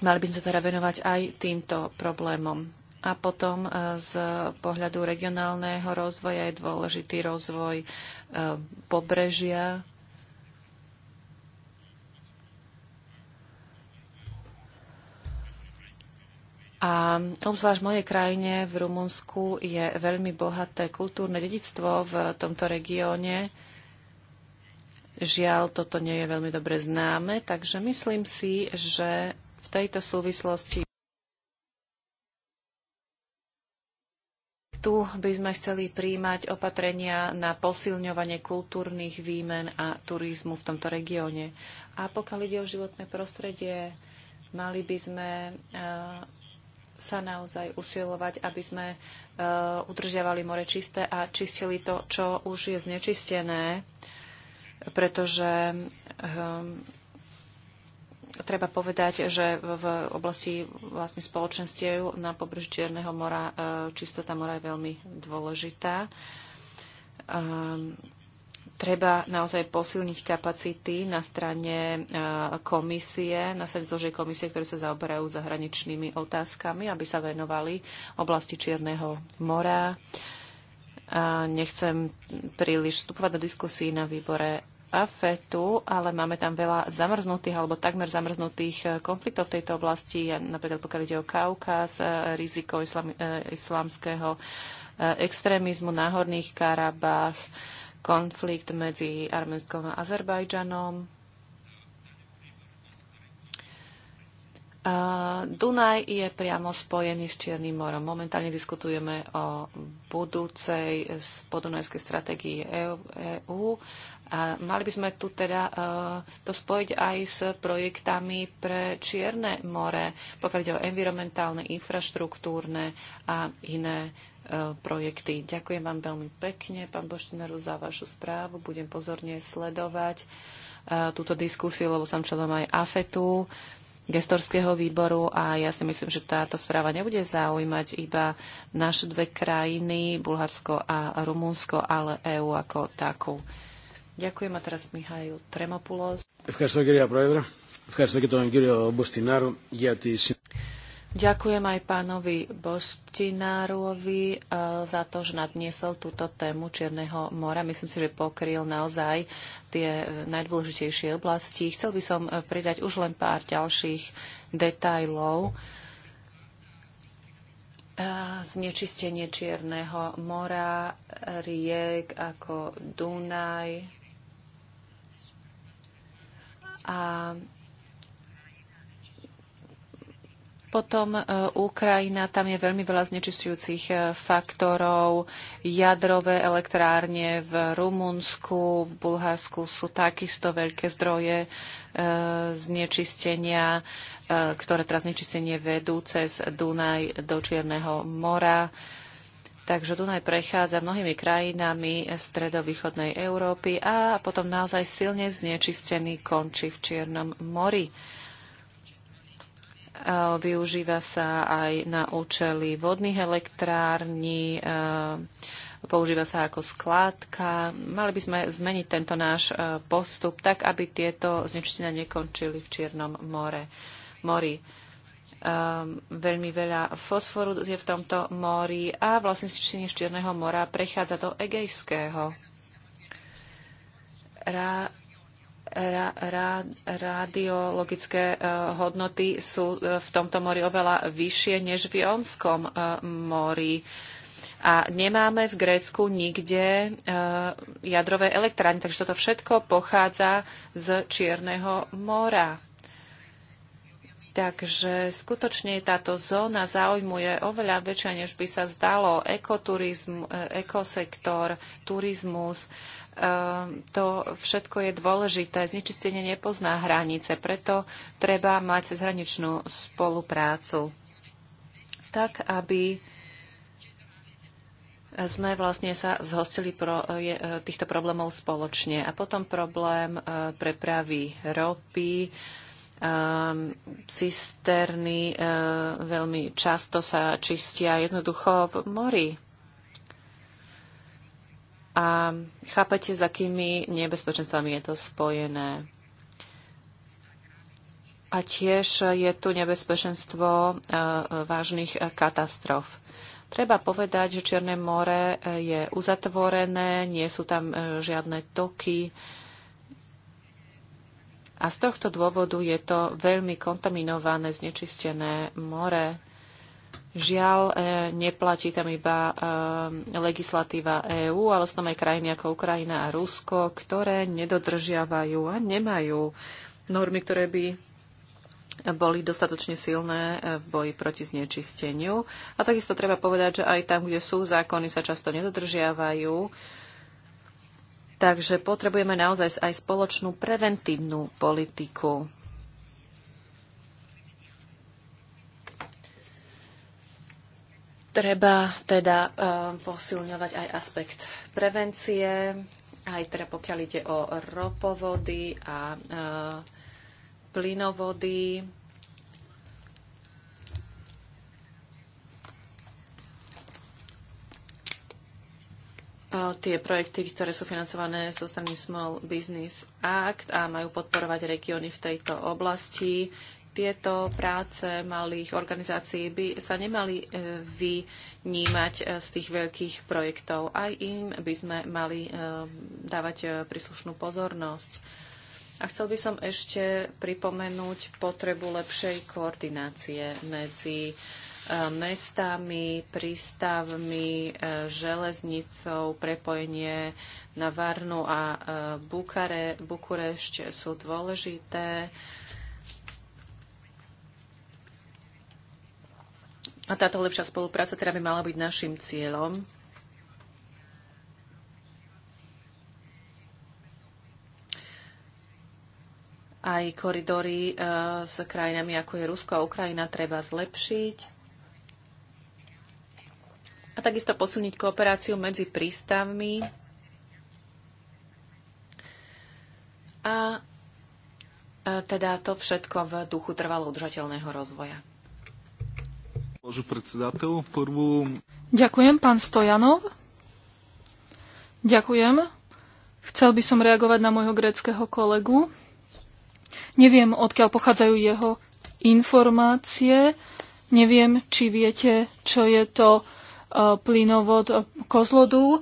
[SPEAKER 3] Mali by sme sa teda venovať aj týmto problémom. A potom e, z pohľadu regionálneho rozvoja je dôležitý rozvoj e, pobrežia A obzvlášť v mojej krajine, v Rumunsku, je veľmi bohaté kultúrne dedictvo v tomto regióne. Žiaľ, toto nie je veľmi dobre známe, takže myslím si, že v tejto súvislosti Tu by sme chceli príjmať opatrenia na posilňovanie kultúrnych výmen a turizmu v tomto regióne. A pokiaľ ide o životné prostredie, mali by sme eh, sa naozaj usilovať, aby sme e, udržiavali more čisté a čistili to, čo už je znečistené, pretože e, treba povedať, že v oblasti vlastne spoločenstiev na pobreží Čierneho mora e, čistota mora je veľmi dôležitá treba naozaj posilniť kapacity na strane e, komisie, na strane zložie komisie, ktoré sa zaoberajú zahraničnými otázkami, aby sa venovali oblasti Čierneho mora. A nechcem príliš vstupovať do diskusí na výbore AFETu, ale máme tam veľa zamrznutých alebo takmer zamrznutých e, konfliktov v tejto oblasti, napríklad pokiaľ ide o Kaukaz, e, riziko islam, islamského extrémizmu na Horných Karabách, konflikt medzi Arménskom a Azerbajdžanom. Dunaj je priamo spojený s Čiernym morom. Momentálne diskutujeme o budúcej podunajskej stratégii EÚ. E a mali by sme tu teda e, to spojiť aj s projektami pre Čierne more, pokiaľ ide o environmentálne, infraštruktúrne a iné E, projekty. Ďakujem vám veľmi pekne, pán Boštineru, za vašu správu. Budem pozorne sledovať e, túto diskusiu, lebo som členom aj AFETu, gestorského výboru a ja si myslím, že táto správa nebude zaujímať iba naše dve krajiny, Bulharsko a Rumunsko, ale EÚ ako takú. Ďakujem a teraz Mihail Tremopulos.
[SPEAKER 2] Ευχαριστώ a Πρόεδρε. Ευχαριστώ και
[SPEAKER 3] Ďakujem aj pánovi Boštinárovi eh, za to, že nadniesol túto tému Čierneho mora. Myslím si, že pokryl naozaj tie eh, najdôležitejšie oblasti. Chcel by som eh, pridať už len pár ďalších detajlov. Znečistenie Čierneho mora, riek ako Dunaj a Potom e, Ukrajina, tam je veľmi veľa znečistujúcich e, faktorov. Jadrové elektrárne v Rumunsku, v Bulharsku sú takisto veľké zdroje e, znečistenia, ktoré teraz znečistenie vedú cez Dunaj do Čierneho mora. Takže Dunaj prechádza mnohými krajinami stredovýchodnej Európy a potom naozaj silne znečistený končí v Čiernom mori. Využíva sa aj na účely vodných elektrární, používa sa ako skládka. Mali by sme zmeniť tento náš postup tak, aby tieto znečistenia nekončili v Čiernom more, mori. Um, veľmi veľa fosforu je v tomto mori a vlastne znečistenie z Čierneho mora prechádza do Egejského. Rá, radiologické e, hodnoty sú e, v tomto mori oveľa vyššie než v Jónskom e, mori. A nemáme v Grécku nikde jadrové elektrárne, takže toto všetko pochádza z Čierneho mora. Takže skutočne táto zóna zaujmuje oveľa väčšia, než by sa zdalo. Ekoturizm, ekosektor, turizmus Ehm, to všetko je dôležité. Znečistenie nepozná hranice, preto treba mať cezhraničnú spoluprácu. Tak, aby sme vlastne sa zhostili pro, je, e, týchto problémov spoločne. A potom problém uh, prepravy ropy, um, cisterny uh, veľmi často sa čistia jednoducho v mori. A chápete, s akými nebezpečenstvami je to spojené. A tiež je tu nebezpečenstvo e, vážnych katastrof. Treba povedať, že Čierne more e, je uzatvorené, nie sú tam e, žiadne toky. A z tohto dôvodu je to veľmi kontaminované, znečistené more. Žiaľ, e, neplatí tam iba e, legislatíva EÚ, ale sú tam aj krajiny ako Ukrajina a Rusko, ktoré nedodržiavajú a nemajú normy, ktoré by boli dostatočne silné e, v boji proti znečisteniu. A takisto treba povedať, že aj tam, kde sú zákony, sa často nedodržiavajú. Takže potrebujeme naozaj aj spoločnú preventívnu politiku Treba teda eh, posilňovať aj aspekt prevencie, aj teda pokiaľ ide o ropovody a eh, plynovody. Eh, tie projekty, ktoré sú financované zo strany Small Business Act a majú podporovať regióny v tejto oblasti tieto práce malých organizácií by sa nemali e, vynímať e, z tých veľkých projektov. Aj im by sme mali e, dávať príslušnú pozornosť. A chcel by som ešte pripomenúť potrebu lepšej koordinácie medzi mestami, prístavmi, železnicou, prepojenie na Varnu a Bukare, Bukurešť sú dôležité. A táto lepšia spolupráca teda by mala byť našim cieľom. Aj koridory eh, s krajinami ako je Rusko a Ukrajina treba zlepšiť. A takisto posilniť kooperáciu medzi prístavmi a eh, teda to všetko v duchu trvalo udržateľného rozvoja.
[SPEAKER 2] Ďakujem, pán Stojanov. Ďakujem. Chcel by som reagovať na môjho gréckého kolegu. Neviem, odkiaľ pochádzajú jeho informácie. Neviem, či viete, čo je to e, plynovod e, Kozlodu.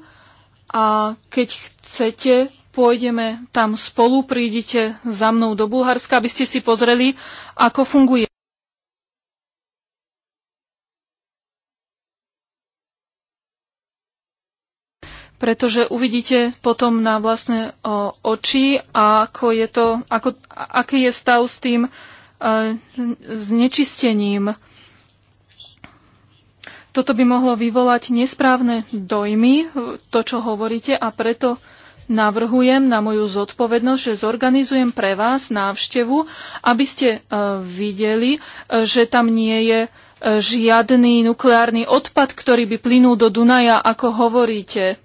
[SPEAKER 2] A keď chcete, pôjdeme tam spolu, prídite za mnou do Bulharska, aby ste si pozreli, ako funguje. pretože uvidíte potom na vlastné o, oči, ako je to, ako, aký je stav s tým e, znečistením. Toto by mohlo vyvolať nesprávne dojmy, e, to, čo hovoríte, a preto navrhujem na moju zodpovednosť, že zorganizujem pre vás návštevu, aby ste e, videli, e, že tam nie je e, žiadny nukleárny odpad, ktorý by plynul do Dunaja, ako hovoríte.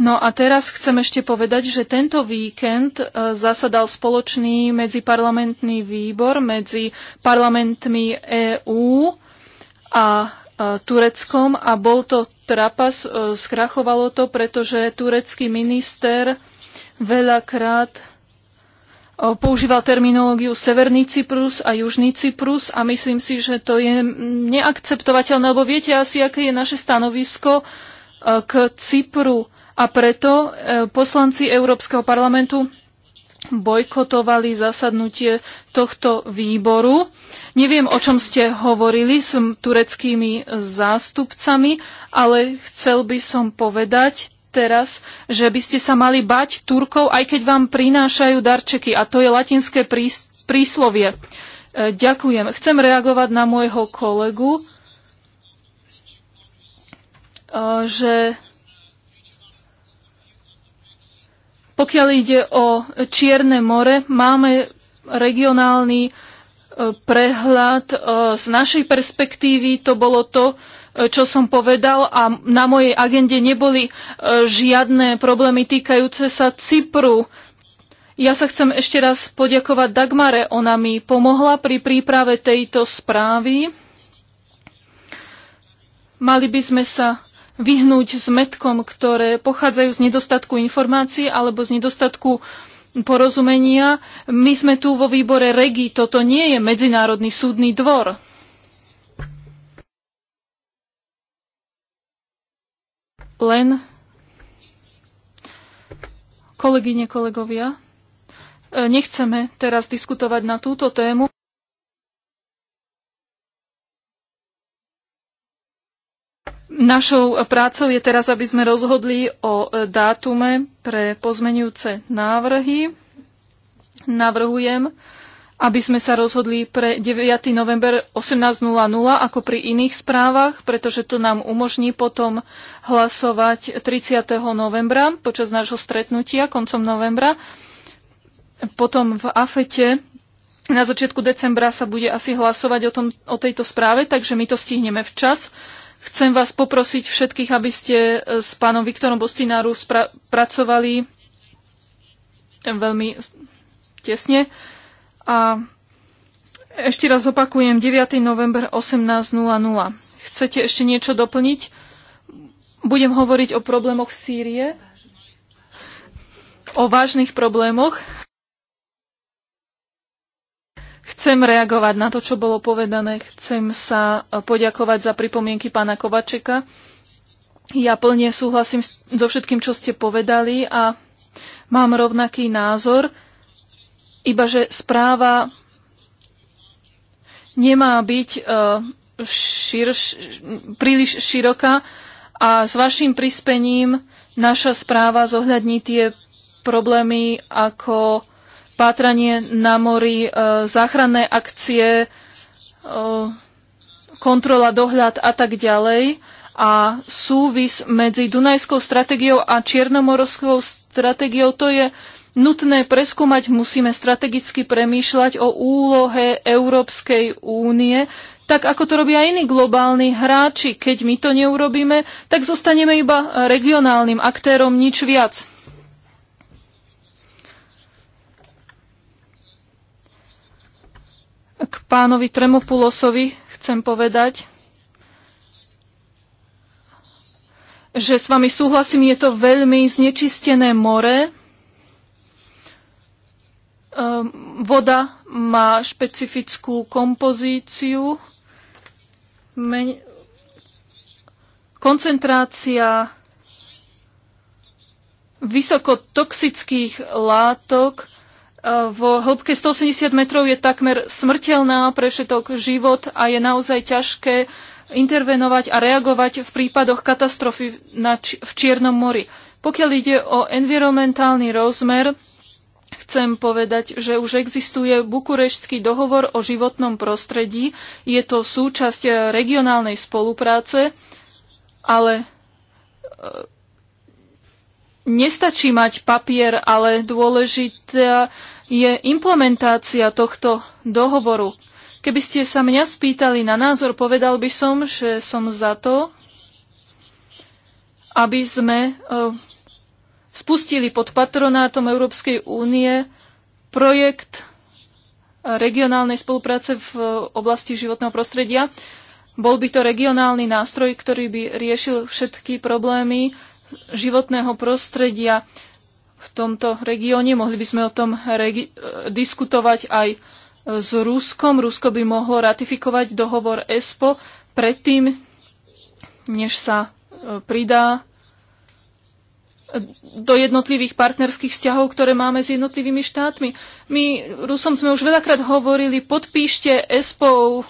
[SPEAKER 2] No a teraz chcem ešte povedať, že tento víkend e, zasadal spoločný medziparlamentný výbor medzi parlamentmi EÚ a e, Tureckom a bol to trapas, e, skrachovalo to, pretože turecký minister veľakrát používal terminológiu Severný Cyprus a Južný Cyprus a myslím si, že to je neakceptovateľné, lebo viete asi, aké je naše stanovisko uh, E, k Cypru a preto e, poslanci Európskeho parlamentu bojkotovali zasadnutie tohto výboru. Neviem, o čom ste hovorili s tureckými zástupcami, ale chcel by som povedať teraz, že by ste sa mali bať Turkov, aj keď vám prinášajú darčeky. A to je latinské príslovie. E, ďakujem. Chcem reagovať na môjho kolegu že pokiaľ ide o Čierne more, máme regionálny e, prehľad. E, z našej perspektívy to bolo to, e, čo som povedal a na mojej agende neboli žiadne problémy týkajúce sa Cypru. Ja sa chcem ešte raz poďakovať Dagmare. Ona mi pomohla pri príprave tejto správy. Mali by sme sa vyhnúť zmetkom, ktoré pochádzajú z nedostatku informácií alebo z nedostatku porozumenia. My sme tu vo výbore REGI, toto nie je Medzinárodný súdny dvor. Len kolegyne, kolegovia, e, nechceme teraz diskutovať na túto tému. Našou prácou je teraz, aby sme rozhodli o e, dátume pre pozmenujúce návrhy. Navrhujem, aby sme sa rozhodli pre 9. november 18.00 ako pri iných správach, pretože to nám umožní potom hlasovať 30. novembra počas nášho stretnutia koncom novembra. Potom v AFETE na začiatku decembra sa bude asi hlasovať o, tom, o tejto správe, takže my to stihneme včas. Chcem vás poprosiť všetkých, aby ste e, s pánom Viktorom Bostináru pracovali veľmi tesne. A ešte raz opakujem, 9. november 18.00. Chcete ešte niečo doplniť? Budem hovoriť o problémoch Sýrie, o vážnych problémoch. Chcem reagovať na to, čo bolo povedané. Chcem sa poďakovať za pripomienky pána Kovačeka. Ja plne súhlasím so všetkým, čo ste povedali a mám rovnaký názor, iba že správa nemá byť e, širš, príliš široká a s vašim prispením naša správa zohľadní tie problémy ako pátranie na mori, e, záchranné akcie, e, kontrola, dohľad a tak ďalej. A súvis medzi Dunajskou stratégiou a Čiernomorskou stratégiou to je nutné preskúmať, musíme strategicky premýšľať o úlohe Európskej únie, tak ako to robia iní globálni hráči. Keď my to neurobíme, tak zostaneme iba regionálnym aktérom, nič viac. K pánovi Tremopulosovi chcem povedať, že s vami súhlasím, je to veľmi znečistené more. Ehm, voda má špecifickú kompozíciu. Men- koncentrácia vysokotoxických látok E, vo hĺbke 180 metrov je takmer smrteľná pre všetok život a je naozaj ťažké intervenovať a reagovať v prípadoch katastrofy v Čiernom mori. Pokiaľ ide o environmentálny rozmer, chcem povedať, že už existuje Bukureštský dohovor o životnom prostredí. Je to súčasť regionálnej spolupráce, ale e, nestačí mať papier, ale dôležitá je implementácia tohto dohovoru. Keby ste sa mňa spýtali na názor, povedal by som, že som za to, aby sme e, spustili pod patronátom Európskej únie projekt regionálnej spolupráce v oblasti životného prostredia. Bol by to regionálny nástroj, ktorý by riešil všetky problémy životného prostredia v tomto regióne. Mohli by sme o tom diskutovať aj s Ruskom. Rusko by mohlo ratifikovať dohovor ESPO predtým, než sa e, pridá e, do jednotlivých partnerských vzťahov, ktoré máme s jednotlivými štátmi. My Rusom sme už veľakrát hovorili, podpíšte ESPO.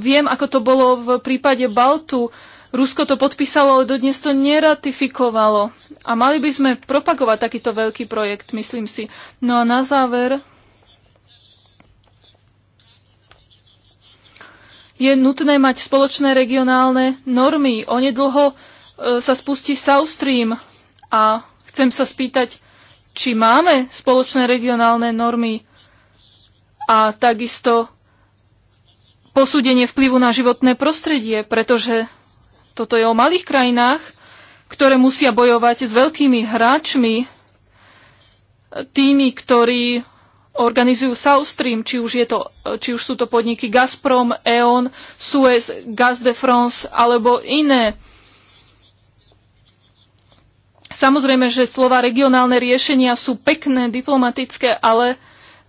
[SPEAKER 2] Viem, ako to bolo v prípade Baltu Rusko to podpísalo, ale dodnes to neratifikovalo. A mali by sme propagovať takýto veľký projekt, myslím si. No a na záver je nutné mať spoločné regionálne normy. Onedlho e, sa spustí South Stream a chcem sa spýtať, či máme spoločné regionálne normy a takisto posúdenie vplyvu na životné prostredie, pretože toto je o malých krajinách, ktoré musia bojovať s veľkými hráčmi, tými, ktorí organizujú South Stream, či už, je to, či už sú to podniky Gazprom, E.ON, Suez, Gaz de France alebo iné. Samozrejme, že slova regionálne riešenia sú pekné, diplomatické, ale uh,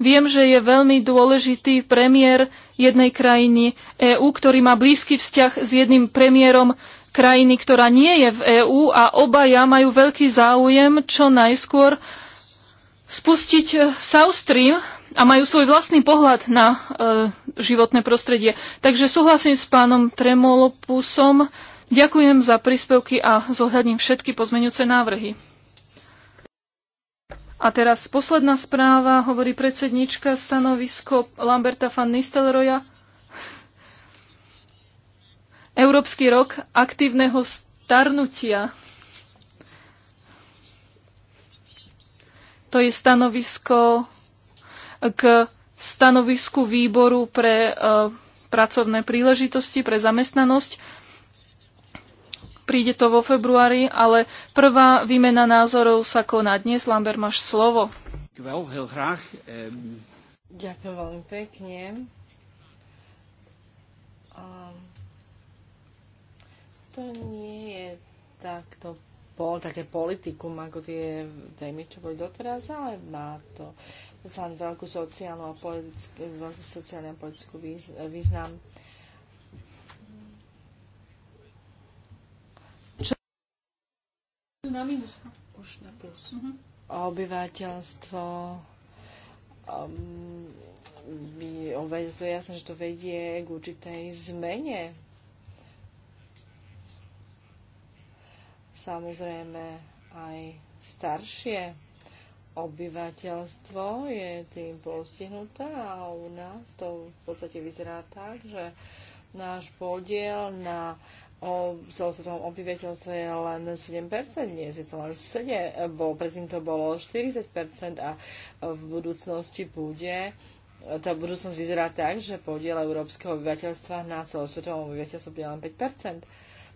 [SPEAKER 2] Viem, že je veľmi dôležitý premiér jednej krajiny EÚ, ktorý má blízky vzťah s jedným premiérom krajiny, ktorá nie je v EÚ a obaja majú veľký záujem čo najskôr spustiť e, South Stream a majú svoj vlastný pohľad na e, životné prostredie. Takže súhlasím s pánom Tremolopusom. Ďakujem za príspevky a zohľadním všetky pozmeňujúce návrhy. A teraz posledná správa, hovorí predsednička, stanovisko Lamberta van Nistelroja. Európsky rok aktívneho starnutia. To je stanovisko k stanovisku výboru pre e, pracovné príležitosti, pre zamestnanosť príde to vo februári, ale prvá výmena názorov sa koná dnes. Lambert, máš slovo.
[SPEAKER 1] Ďakujem veľmi pekne. to nie je takto pol, také politikum, ako tie témy, čo boli doteraz, ale má to veľkú sociálnu a politickú, veľkú sociálnu a politickú význam. Na minus.
[SPEAKER 2] Už na plus. Uh-huh.
[SPEAKER 1] Obyvateľstvo um, by ovezuje, že to vedie k určitej zmene. Samozrejme aj staršie obyvateľstvo je tým postihnuté a u nás to v podstate vyzerá tak, že náš podiel na o celosvetovom obyvateľstve je len 7%, dnes je to len 7%, bo predtým to bolo 40% a v budúcnosti bude tá budúcnosť vyzerá tak, že podiel európskeho obyvateľstva na celosvetovom obyvateľstve bude len 5%.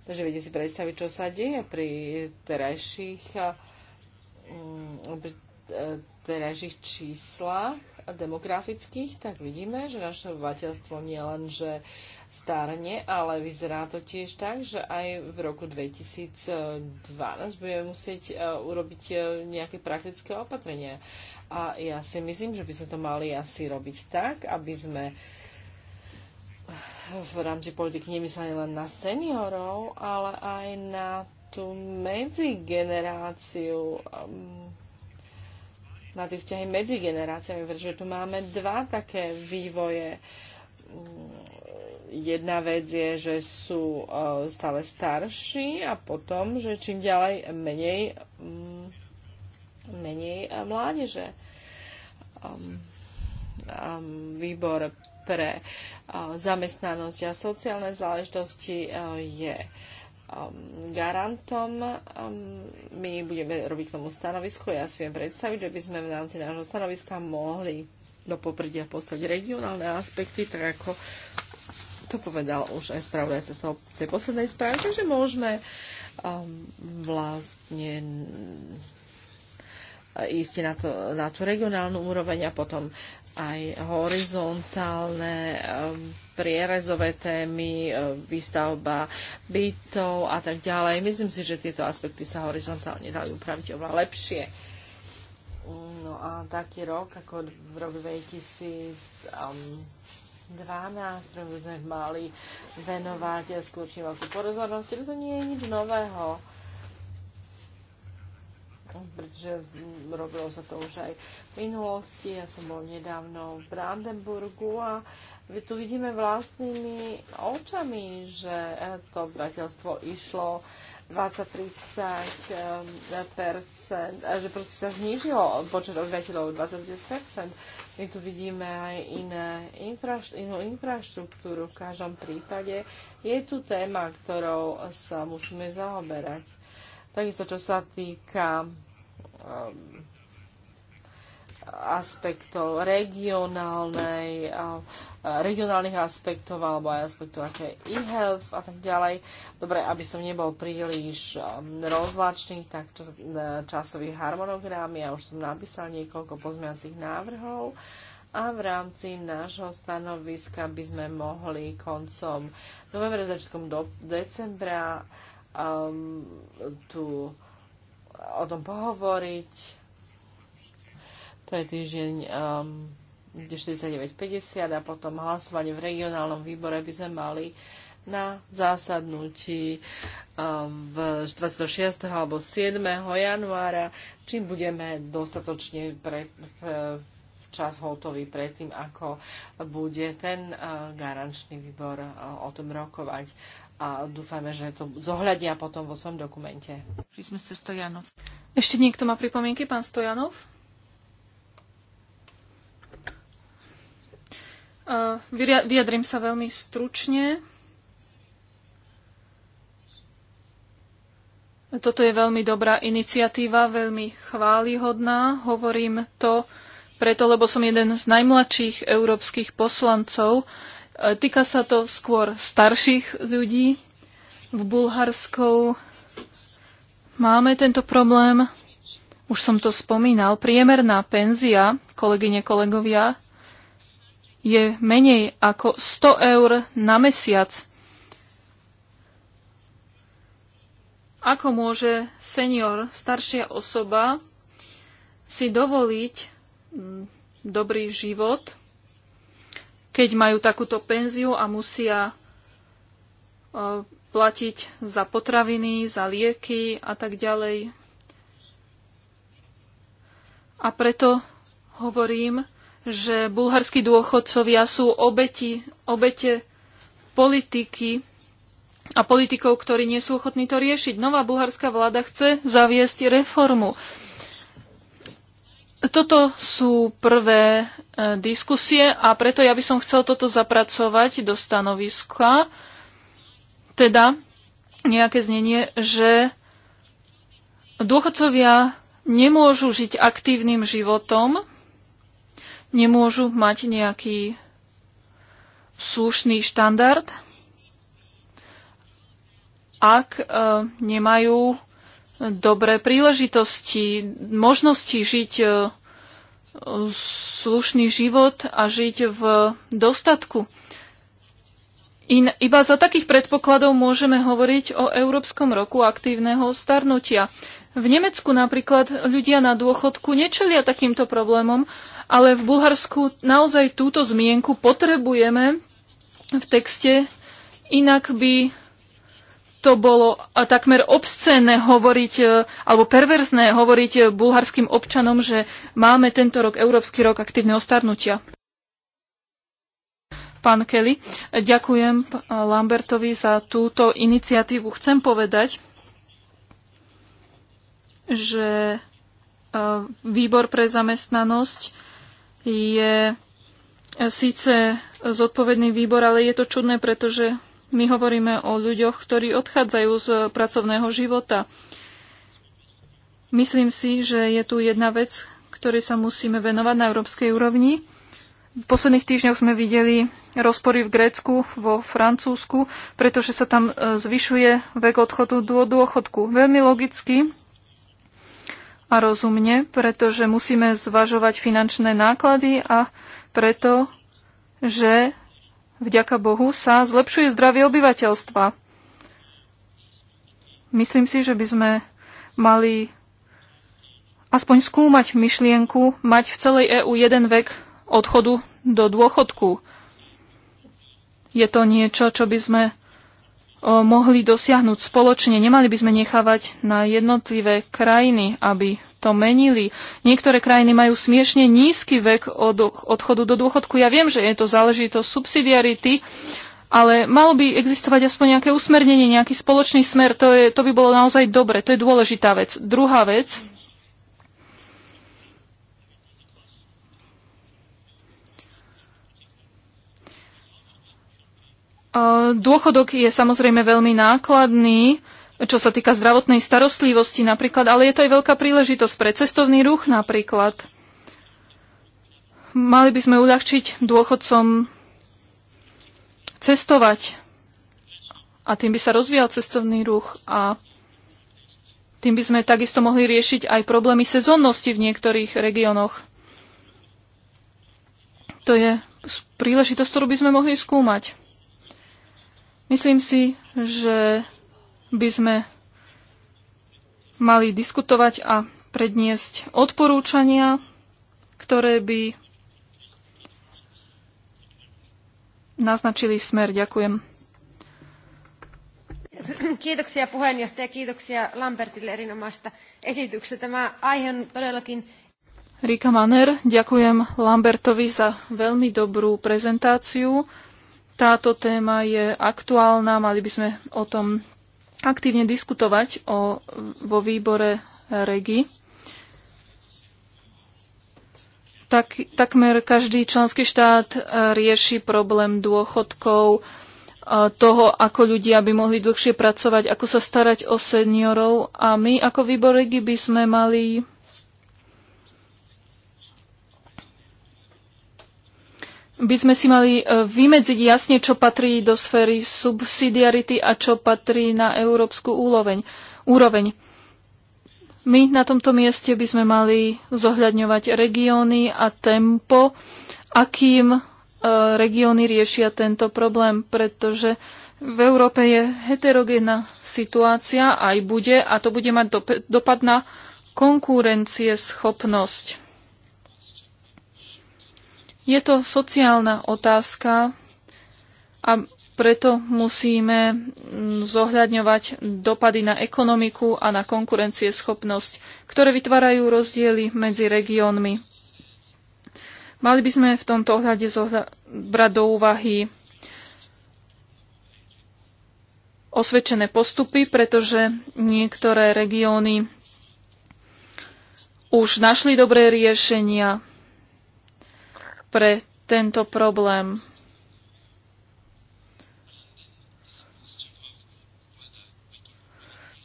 [SPEAKER 1] Takže viete si predstaviť, čo sa deje pri terajších, mm, pri e, terajších číslach demografických, tak vidíme, že naše obyvateľstvo nie len, že starne, ale vyzerá to tiež tak, že aj v roku 2012 budeme musieť e, urobiť e, nejaké praktické opatrenia. A ja si myslím, že by sme to mali asi robiť tak, aby sme v rámci politiky nemysleli len na seniorov, ale aj na tú medzigeneráciu na tie vzťahy medzi generáciami, pretože tu máme dva také vývoje. Mm, jedna vec je, že sú e, stále starší a potom, že čím ďalej menej, mm, menej e, mládeže. Výbor pre e, zamestnanosť a sociálne záležitosti je um, garantom. Um, my budeme robiť k tomu stanovisko. Ja si viem predstaviť, že by sme v rámci nášho stanoviska mohli do popredia postaviť regionálne aspekty, tak ako to povedal už aj spravodajca z tej poslednej správy, takže môžeme um, vlastne ísť na, to, na tú regionálnu úroveň a potom aj horizontálne um, prierezové témy, um, výstavba bytov a tak ďalej. Myslím si, že tieto aspekty sa horizontálne dajú upraviť oveľa lepšie. No a taký rok ako v roku 2012 sme mali venovať skôr či veľkú pozornosť, to nie je nič nového pretože robilo sa to už aj v minulosti. Ja som bol nedávno v Brandenburgu a tu vidíme vlastnými očami, že to obyvateľstvo išlo 20-30 ehm, že proste sa znížilo počet obyvateľov 20-30 My tu vidíme aj iné infraš- inú infraštruktúru. V každom prípade je tu téma, ktorou sa musíme zaoberať. Takisto, čo sa týka Um, aspektov regionálnej, um, regionálnych aspektov alebo aj aspektov ako je e-health a tak ďalej. Dobre, aby som nebol príliš um, rozlačný, tak čo, e, časový harmonogram, ja už som napísal niekoľko pozmiacich návrhov a v rámci nášho stanoviska by sme mohli koncom novembra, začiatkom do decembra um, tu o tom pohovoriť. To je týždeň um, 49.50 a potom hlasovanie v regionálnom výbore by sme mali na zásadnutí um, v 26. alebo 7. januára, čím budeme dostatočne pre, pre čas hotový predtým, ako bude ten uh, garančný výbor uh, o tom rokovať a dúfame, že to zohľadia potom vo svojom dokumente. Stojanov.
[SPEAKER 2] Ešte niekto má pripomienky, pán Stojanov? vyjadrím sa veľmi stručne. Toto je veľmi dobrá iniciatíva, veľmi chválihodná. Hovorím to preto, lebo som jeden z najmladších európskych poslancov E, týka sa to skôr starších ľudí. V Bulharsku máme tento problém. Už som to spomínal. Priemerná penzia, kolegyne, kolegovia, je menej ako 100 eur na mesiac. Ako môže senior, staršia osoba, si dovoliť mm, dobrý život keď majú takúto penziu a musia e, platiť za potraviny, za lieky a tak ďalej. A preto hovorím, že bulharskí dôchodcovia sú obeti, obete politiky a politikov, ktorí nie sú ochotní to riešiť. Nová bulharská vláda chce zaviesť reformu. Toto sú prvé e, diskusie a preto ja by som chcel toto zapracovať do stanoviska, teda nejaké znenie, že dôchodcovia nemôžu žiť aktívnym životom, nemôžu mať nejaký slušný štandard, ak e, nemajú dobré príležitosti, možnosti žiť e, slušný život a žiť v dostatku. In, iba za takých predpokladov môžeme hovoriť o Európskom roku aktívneho starnutia. V Nemecku napríklad ľudia na dôchodku nečelia takýmto problémom, ale v Bulharsku naozaj túto zmienku potrebujeme v texte, inak by to bolo takmer obscénne hovoriť, e, alebo perverzné hovoriť e, bulharským občanom, že máme tento rok Európsky rok aktívneho starnutia. Pán Kelly, ďakujem Lambertovi za túto iniciatívu. Chcem povedať, že e, výbor pre zamestnanosť je síce zodpovedný výbor, ale je to čudné, pretože my hovoríme o ľuďoch, ktorí odchádzajú z pracovného života. Myslím si, že je tu jedna vec, ktorej sa musíme venovať na európskej úrovni. V posledných týždňoch sme videli rozpory v Grécku, vo Francúzsku, pretože sa tam e, zvyšuje vek odchodu do dôchodku. Veľmi logicky a rozumne, pretože musíme zvažovať finančné náklady a preto, že vďaka Bohu, sa zlepšuje zdravie obyvateľstva. Myslím si, že by sme mali aspoň skúmať myšlienku mať v celej EÚ jeden vek odchodu do dôchodku. Je to niečo, čo by sme mohli dosiahnuť spoločne. Nemali by sme nechávať na jednotlivé krajiny, aby to menili. Niektoré krajiny majú smiešne nízky vek od odchodu do dôchodku. Ja viem, že je to záležitosť subsidiarity, ale malo by existovať aspoň nejaké usmernenie, nejaký spoločný smer. To, je, to by bolo naozaj dobre. To je dôležitá vec. Druhá vec, Dôchodok je samozrejme veľmi nákladný čo sa týka zdravotnej starostlivosti napríklad, ale je to aj veľká príležitosť pre cestovný ruch napríklad. Mali by sme uľahčiť dôchodcom cestovať a tým by sa rozvíjal cestovný ruch a tým by sme takisto mohli riešiť aj problémy sezónnosti v niektorých regiónoch. To je príležitosť, ktorú by sme mohli skúmať. Myslím si, že by sme mali diskutovať a predniesť odporúčania, ktoré by naznačili smer. Ďakujem.
[SPEAKER 1] Kiitoksia puheenjohtaja, kiitoksia Lambertille erinomaista esityksestä. Tämä aihe on todellakin...
[SPEAKER 2] Rika Manner, ďakujem Lambertovi za veľmi dobrú prezentáciu. Táto téma je aktuálna, mali by sme o tom aktívne diskutovať o, vo výbore REGI. Tak, takmer každý členský štát e, rieši problém dôchodkov, e, toho, ako ľudia by mohli dlhšie pracovať, ako sa starať o seniorov a my ako výbor REGI by sme mali by sme si mali e, vymedziť jasne, čo patrí do sféry subsidiarity a čo patrí na európsku úroveň. úroveň. My na tomto mieste by sme mali zohľadňovať regióny a tempo, akým e, regióny riešia tento problém, pretože v Európe je heterogénna situácia, aj bude, a to bude mať dopad na schopnosť. Je to sociálna otázka a preto musíme mm, zohľadňovať dopady na ekonomiku a na konkurencieschopnosť, ktoré vytvárajú rozdiely medzi regiónmi. Mali by sme v tomto ohľade brať do úvahy osvedčené postupy, pretože niektoré regióny už našli dobré riešenia pre tento problém.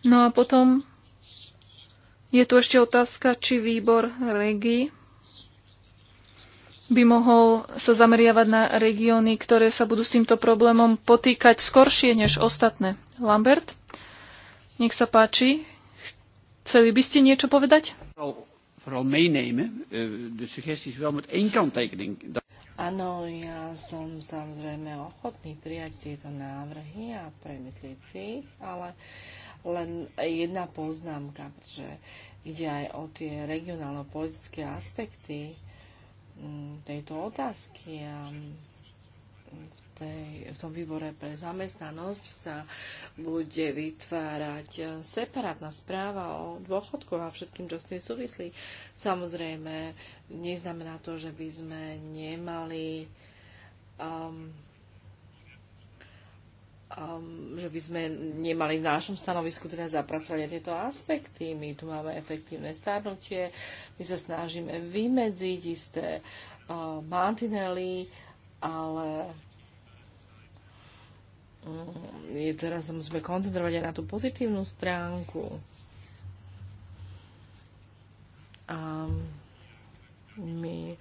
[SPEAKER 2] No a potom je tu ešte otázka, či výbor REGI by mohol sa zameriavať na regióny, ktoré sa budú s týmto problémom potýkať skoršie než ostatné. Lambert, nech sa páči. Chceli by ste niečo povedať? No vooral meenemen. Uh, De suggestie is wel met één kanttekening.
[SPEAKER 1] Áno, ja som samozrejme ochotný prijať tieto návrhy a premyslieť si ich, ale len jedna poznámka, pretože ide aj o tie regionálno-politické aspekty mm, tejto otázky a mm, v, tej, v tom výbore pre zamestnanosť sa uh, bude vytvárať separátna správa o dôchodkoch a všetkým, čo s tým súvislí. Samozrejme, neznamená to, že by sme nemali um, um, že by sme nemali v našom stanovisku teda zapracovať tieto aspekty. My tu máme efektívne starnutie, my sa snažíme vymedziť isté uh, mantinely, ale je teraz sa musíme koncentrovať aj na tú pozitívnu stránku. A my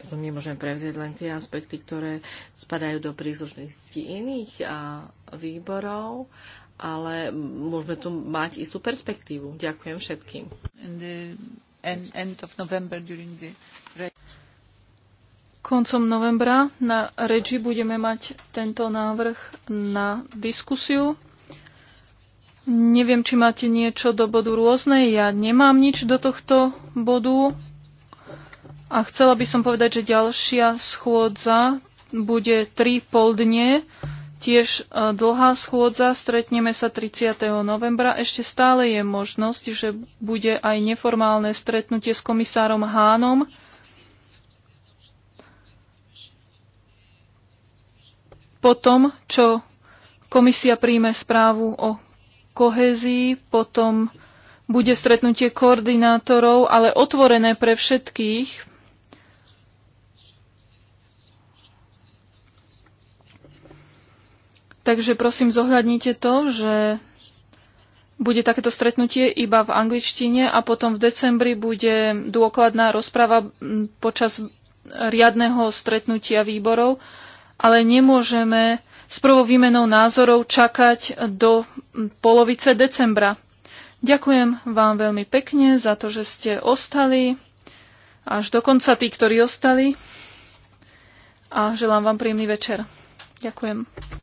[SPEAKER 1] potom nemôžeme prevziať len tie aspekty, ktoré spadajú do príslušnosti iných a výborov, ale môžeme tu mať istú perspektívu. Ďakujem všetkým. And the, end of November during the
[SPEAKER 2] Koncom novembra na Regi budeme mať tento návrh na diskusiu. Neviem, či máte niečo do bodu rôzne. Ja nemám nič do tohto bodu. A chcela by som povedať, že ďalšia schôdza bude 3 pol dne. Tiež e, dlhá schôdza, stretneme sa 30. novembra. Ešte stále je možnosť, že bude aj neformálne stretnutie s komisárom Hánom po tom, čo komisia príjme správu o kohézii, potom bude stretnutie koordinátorov, ale otvorené pre všetkých. Takže prosím, zohľadnite to, že bude takéto stretnutie iba v angličtine a potom v decembri bude dôkladná rozprava počas riadneho stretnutia výborov ale nemôžeme s prvou výmenou názorov čakať do polovice decembra. Ďakujem vám veľmi pekne za to, že ste ostali, až dokonca tí, ktorí ostali. A želám vám príjemný večer. Ďakujem.